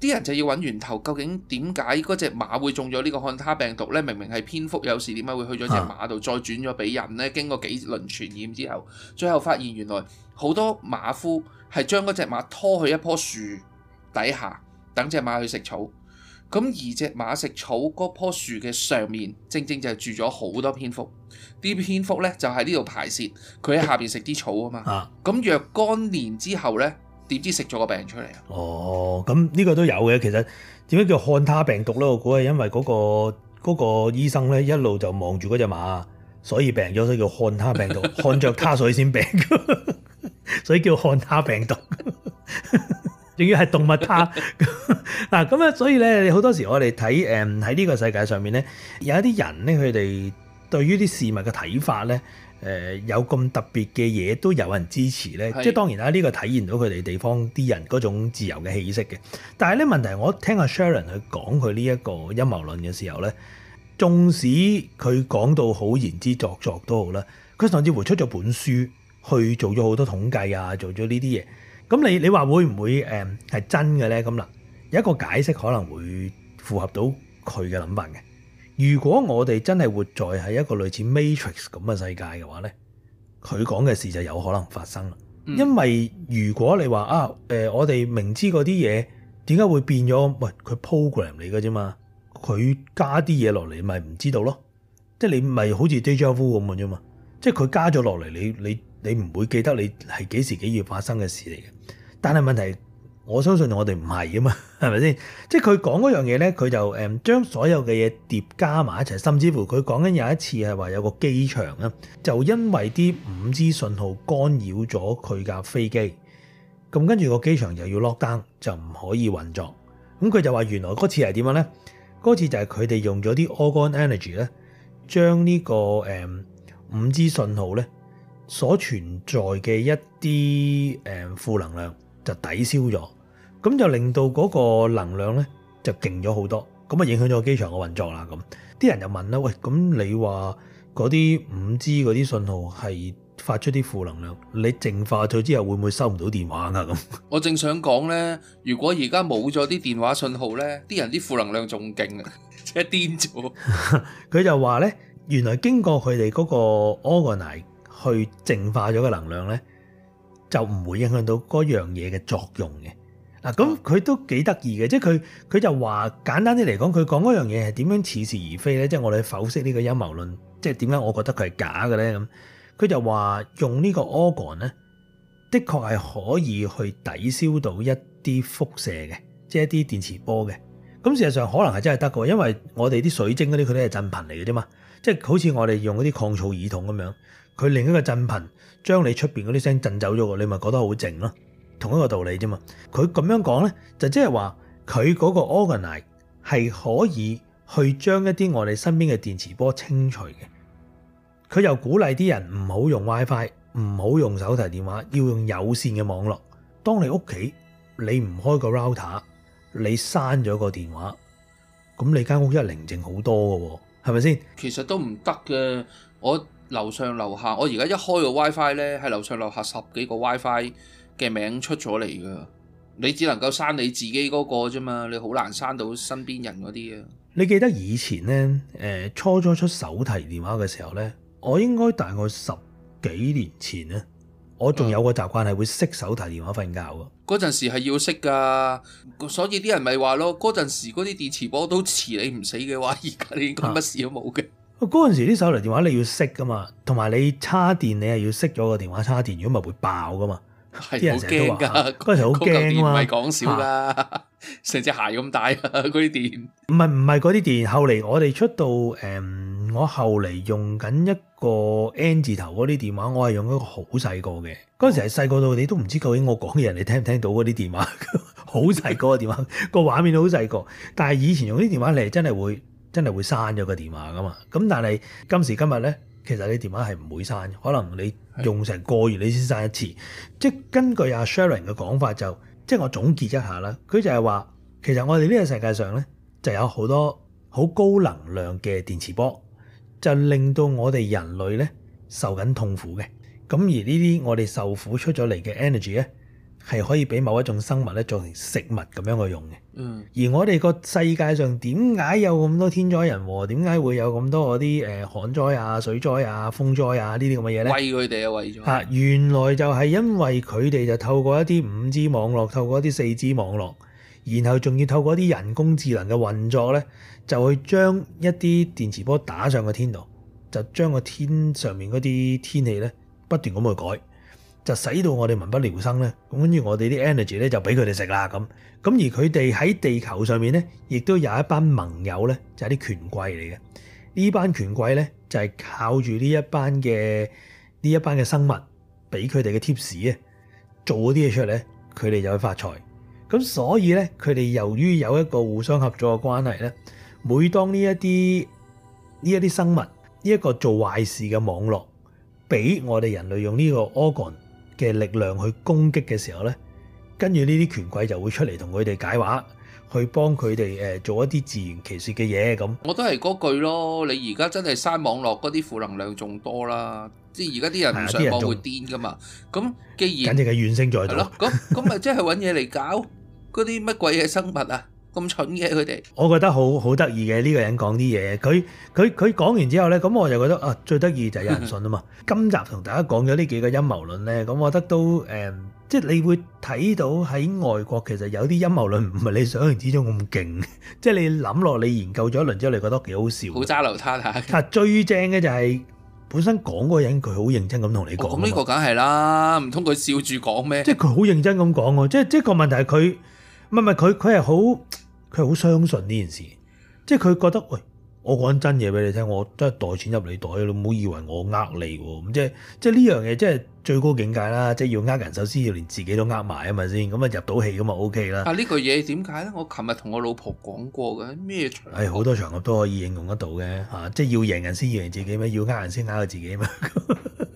啲人就要揾源頭，究竟點解嗰隻馬會中咗呢個漢他病毒咧？明明係蝙蝠有事，點解會去咗隻馬度、啊、再轉咗俾人咧？經過幾輪傳染之後，最後發現原來好多馬夫係將嗰隻馬拖去一棵樹底下，等隻馬去食草。咁而隻馬食草嗰棵樹嘅上面，正正就係住咗好多蝙蝠。啲蝙蝠咧就喺呢度排泄，佢喺下邊食啲草啊嘛。啊，咁若干年之後咧，點知食咗個病出嚟啊？哦，咁呢個都有嘅。其實點解叫漢他病毒咧？我估係因為嗰個嗰個醫生咧，一路就望住嗰隻馬，所以病咗，所以叫看他病毒， 看著他所以先病， 所以叫看他病毒。 仲要係動物，他嗱咁啊，所以咧，好多時候我哋睇誒喺呢個世界上面咧，有一啲人咧，佢哋對於啲事物嘅睇法咧、呃，有咁特別嘅嘢都有人支持咧，的即係當然啦，呢、這個體現到佢哋地方啲人嗰種自由嘅氣息嘅。但係咧問題，我聽阿 Sharon 去講佢呢一個陰謀論嘅時候咧，縱使佢講到好言之鑿鑿都好啦，佢甚至乎出咗本書去做咗好多統計啊，做咗呢啲嘢。咁你你話會唔會誒係、嗯、真嘅咧？咁啦，有一個解釋可能會符合到佢嘅諗法嘅。如果我哋真係活在係一個類似 Matrix 咁嘅世界嘅話咧，佢講嘅事就有可能發生啦。嗯、因為如果你話啊、呃、我哋明知嗰啲嘢點解會變咗？喂，佢 program 嚟嘅啫嘛，佢加啲嘢落嚟咪唔知道咯。即係你咪好似 deja vu 咁啫嘛。即係佢加咗落嚟，你你。你唔會記得你係幾時幾月發生嘅事嚟嘅，但係問題，我相信我哋唔係啊嘛，係咪先？即係佢講嗰樣嘢咧，佢就誒將所有嘅嘢疊加埋一齊，甚至乎佢講緊有一次係話有個機場啊，就因為啲五 G 信號干擾咗佢架飛機，咁跟住個機場又要 lock down，就唔可以運作。咁佢就話原來嗰次係點樣咧？嗰次就係佢哋用咗啲 organ energy 咧，將呢個誒五 G 信號咧。所存在嘅一啲誒負能量就抵消咗，咁就令到嗰個能量呢就勁咗好多，咁啊影響咗機場嘅運作啦。咁啲人就問啦，喂，咁你話嗰啲五 G 嗰啲信號係發出啲負能量，你淨化咗之後會唔會收唔到電話啊？咁 我正想講呢，如果而家冇咗啲電話信號呢，啲人啲負能量仲勁啊，即係癲咗。佢 就話呢，原來經過佢哋嗰個 organize。去淨化咗嘅能量咧，就唔會影響到嗰樣嘢嘅作用嘅。嗱，咁佢都幾得意嘅，即係佢佢就話簡單啲嚟講，佢講嗰樣嘢係點樣似是而非咧。即係我哋去剖析呢個陰謀論，即係點解我覺得佢係假嘅咧？咁佢就話用個呢個 Orgon 咧，的確係可以去抵消到一啲輻射嘅，即係一啲電磁波嘅。咁事實上可能係真係得嘅喎，因為我哋啲水晶嗰啲佢都係震頻嚟嘅啫嘛，即係好似我哋用嗰啲抗噪耳筒咁樣。佢另一個震頻將你出面嗰啲聲震走咗嘅，你咪覺得好靜咯。同一個道理啫嘛。佢咁樣講呢，就即係話佢嗰個 organite 係可以去將一啲我哋身邊嘅電磁波清除嘅。佢又鼓勵啲人唔好用 WiFi，唔好用手提電話，要用有線嘅網絡。當你屋企你唔開個 router，你刪咗個電話，咁你間屋一寧靜好多㗎喎，係咪先？其實都唔得嘅，我。樓上樓下，我而家一開個 WiFi 呢，喺樓上樓下十幾個 WiFi 嘅名出咗嚟噶。你只能夠刪你自己嗰個啫嘛，你好難刪到身邊人嗰啲啊。你記得以前呢，誒、呃、初初出手提電話嘅時候呢，我應該大概十幾年前咧，我仲有一個習慣會係會熄手提電話瞓覺噶。嗰陣、啊、時係要係要熄噶，所以啲人咪話咯，嗰陣時嗰啲電磁波都遲你唔死嘅話，而家你應該乜事都冇嘅。啊嗰陣時啲手提電話你要熄㗎嘛，同埋你叉電你係要熄咗個電話叉電，如果咪會爆㗎嘛。係，啲人成日都話，嗰陣時好驚啊！唔係講笑啦，成隻鞋咁大嗰啲電。唔係唔係嗰啲電。後嚟我哋出到、嗯、我後嚟用緊一個 N 字頭嗰啲電話，我係用一個好細個嘅。嗰陣、哦、時係細個到你都唔知究竟我講嘢，你聽唔聽到嗰啲電話？好細個嘅電話， 個畫面都好細個。但係以前用啲電話你係真係會，真係會刪咗個電話噶嘛？咁但係今時今日咧，其實你電話係唔會刪，可能你用成個月你先刪一次。的即根據阿 Sharon 嘅講法就，就即係我總結一下啦。佢就係話，其實我哋呢個世界上咧，就有好多好高能量嘅電磁波，就令到我哋人類咧，受緊痛苦嘅。咁而呢啲我哋受苦出咗嚟嘅 energy 咧。係可以俾某一種生物咧做成食物咁樣去用嘅。嗯，而我哋個世界上點解有咁多天災人禍？點解會有咁多嗰啲誒旱災啊、水災啊、風災啊呢啲咁嘅嘢咧？餵佢哋啊，餵咗吓！原來就係因為佢哋就透過一啲五 G 網絡，透過一啲四 G 網絡，然後仲要透過一啲人工智能嘅運作咧，就去將一啲電磁波打上個天度，就將個天上面嗰啲天氣咧不斷咁去改。就使到我哋民不聊生咧，咁跟住我哋啲 energy 咧就俾佢哋食啦咁，咁而佢哋喺地球上面咧，亦都有一班盟友咧，就係啲權貴嚟嘅。呢班權貴咧就係靠住呢一班嘅呢一班嘅生物俾佢哋嘅 tips 啊，做嗰啲嘢出嚟，佢哋就去發財。咁所以咧，佢哋由於有一個互相合作嘅關係咧，每當呢一啲呢一啲生物呢一個做壞事嘅網絡俾我哋人類用呢個 organ。嘅力量去攻擊嘅時候呢，跟住呢啲權貴就會出嚟同佢哋解話，去幫佢哋誒做一啲自圓其説嘅嘢咁。我都係嗰句咯，你而家真係刪網絡嗰啲負能量仲多啦，即係而家啲人唔上網會癲噶嘛。咁既然簡直係怨聲載道，咁咁咪即係揾嘢嚟搞嗰啲乜鬼嘅生物啊！咁蠢嘅佢哋，我覺得好好得意嘅呢個人講啲嘢，佢佢佢講完之後呢，咁我就覺得啊，最得意就係有人信啊嘛。嗯、今集同大家講咗呢幾個陰謀論呢，咁我覺得都誒、嗯，即係你會睇到喺外國其實有啲陰謀論唔係你想象之中咁勁，即係你諗落你研究咗一輪之後，你覺得幾好笑，好渣流攤吓、但係，最正嘅就係本身講嗰個人，佢好認真咁同你講。咁呢個梗係啦，唔通佢笑住講咩？即係佢好認真咁講喎。即係即係個問題係佢，唔係唔係佢佢係好。他他佢好相信呢件事，即係佢覺得，喂，我講真嘢俾你聽，我真係袋錢入你袋，你唔好以為我呃你喎。咁即係即係呢樣嘢，即係最高境界啦，即係要呃人首先要連自己都呃埋啊嘛先，咁啊入到戲咁、OK、啊 OK 啦。啊呢個嘢點解咧？我琴日同我老婆講過嘅咩場？係好、哎、多場合都可以應用得到嘅、啊，即係要贏人先贏自己咩？要呃人先呃到自己嘛？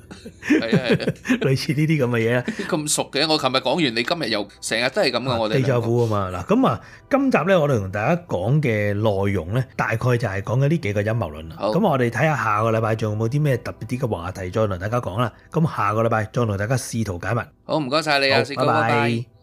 係啊，類似呢啲咁嘅嘢啊，咁熟嘅，我琴日講完，你今日又成日都係咁噶，我哋地主庫啊嘛，嗱，咁啊，今集咧，我哋同大家講嘅內容咧，大概就係講緊呢幾個陰謀論啦。咁我哋睇下下個禮拜仲有冇啲咩特別啲嘅話題再同大家講啦。咁下個禮拜再同大家試圖解密。好，唔該晒你啊，好，拜拜。